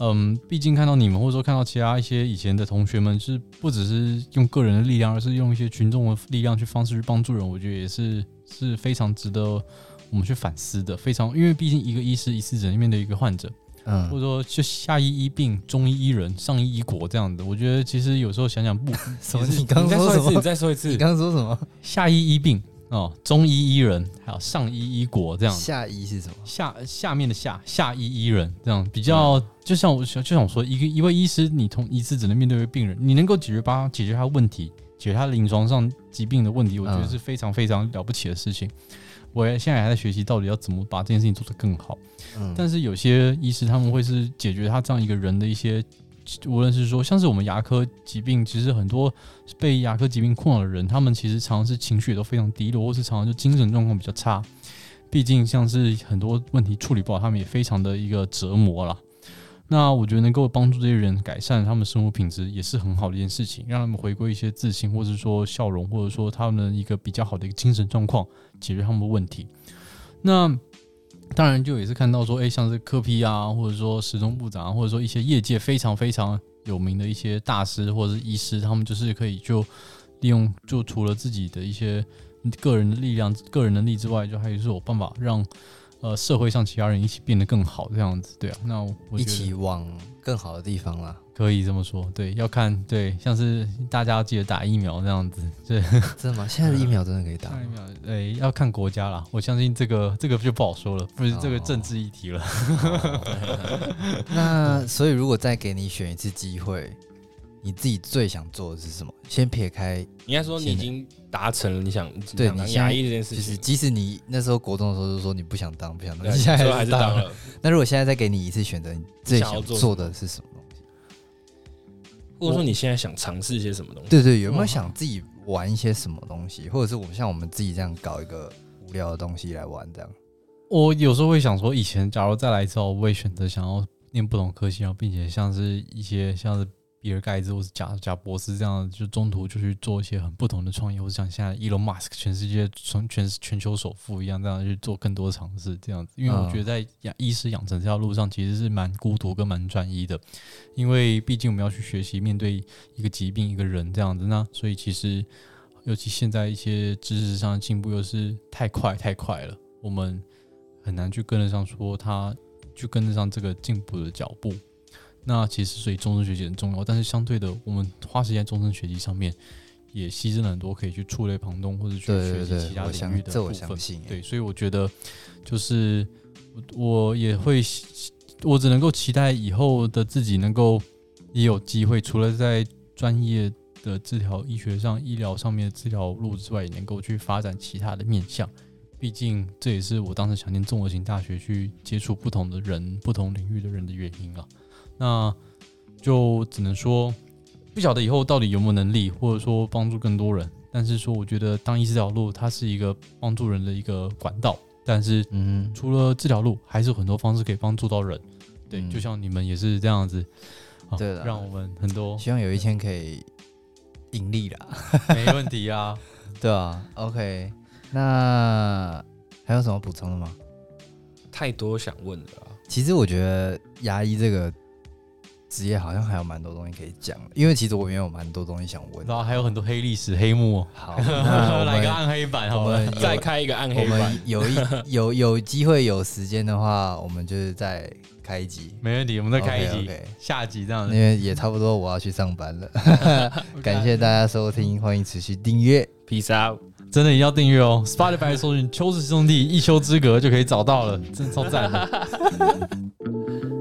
嗯，畢竟看到你們或者說看到其他一些以前的同學們，就是不只是用個人的力量，而是用一些群眾的力量去方式去幫助人，我覺得也是是非常值得。我們去反思的非常，因為畢竟一個醫師一次只能面對一個患者，嗯，或者說就下醫醫病、中醫醫人、上醫醫國這樣的。我覺得其實有時候想想，不，什 麼？你剛說什麼？你再說一次。你剛說什麼？下醫醫病哦，中醫醫人還有上醫醫國這樣。下醫是什麼？下下面的下，下醫醫人這樣比較、嗯，就像我就想說，一個一位醫師，你同一次只能面對一個病人，你能夠解決他解決他問題，解決他臨床上疾病的問題、嗯，我覺得是非常非常了不起的事情。我現在還在學習，到底要怎麼把這件事情做得更好。但是有些醫師他們會是解決他這樣一個人的一些，無論是說像是我們牙科疾病，其實很多被牙科疾病困擾的人，他們其實常常是情緒也都非常低落，或是常常就精神狀況比較差。畢竟像是很多問題處理不好，他們也非常的一個折磨了。那我覺得能夠幫助這些人改善他們生活品質，也是很好的一件事情，讓他們回歸一些自信，或者說笑容，或者說他們一個比較好的一個精神狀況，解決他們的問題。那當然就也是看到說，哎、欸，像是柯 P 啊，或者說時中部長、啊，或者說一些業界非常非常有名的一些大師或者是醫師，他們就是可以就利用就除了自己的一些個人的力量、個人能力之外，就還有就是有辦法讓。呃，社會上其他人一起變得更好，這樣子，對啊，那一起往更好的地方啦，可以這麼說，對，要看，對，像是大家要記得打疫苗這樣子，對，真的嗎？現在的疫苗真的可以打？疫苗，哎，要看國家啦。我相信這個，這個就不好說了，不是、哦、這個政治議題了。哦、 那、嗯、所以，如果再給你選一次機會，你自己最想做的是什麼？先撇開先，應該說你已經。達成了你想對你壓抑這件事情，就是即使你那時候國中的時候就說你不想當不想當，現在還是當了。那如果現在再給你一次選擇，你最想做的是什麼東西？或者說你現在想嘗試一些什麼東西？對對，對，有沒有想自己玩一些什麼東西？嗯、或者是我們像我們自己這樣搞一個無聊的東西來玩？這樣，我有時候會想說，以前假如再來一次，我會選擇想要念不同科系啊，並且像是一些像是。比爾蓋茨或者賈賈伯斯這樣，就中途就去做一些很不同的創業，或者像現在伊隆馬斯克，全世界從全全全球首富一樣，這樣去做更多嘗試，這樣子。因為我覺得在醫醫師養成這條路上，其實是蠻孤獨跟蠻專一的，因為畢竟我們要去學習面對一個疾病、一個人這樣子。那所以其實，尤其現在一些知識上的進步又是太快太快了，我們很難去跟得上，說他去跟得上這個進步的腳步。那其實所以終身學習很重要，但是相對的，我們花時間終身學習上面也犧牲了很多，可以去觸類旁通，或者去學習其他領域的部分。對對對，我我相信、欸。對，所以我覺得就是我也會，我只能夠期待以後的自己能夠也有機會，除了在專業的這條醫學上、醫療上面這條路之外，也能夠去發展其他的面向。畢竟這也是我當時想念綜合性大學去接觸不同的人、不同領域的人的原因啊。那就只能說不曉得以後、到底有沒有能力，或者說幫助更多人。但是說，我覺得當醫這條路，它是一個幫助人的一個管道。但是，嗯，除了這條路，還是有很多方式可以幫助到人。對、嗯，就像你們也是這樣子。嗯啊、對的，讓我們很多希望有一天可以盈利了，沒問題啊。 對啊，OK。那還有什麼補充的嗎？太多想問的。其實我覺得牙醫這個。職業好像還有蠻多東西可以講，因為其實我也有蠻多東西想問。然後還有很多黑歷史、黑幕，好我 來個暗黑版好，好吧？再開一個暗黑版。我們有一有有機會、有,有,會有時間的話，我們就是再開一集，沒問題，我們再開一集，okay, okay 下集這樣子，因為也差不多，我要去上班了。 okay. 感謝大家收聽，歡迎持續訂閱，Peace Out！真的一定要訂閱哦 Spotify 搜尋， 邱氏兄弟一丘之隔就可以找到了，真的超讚。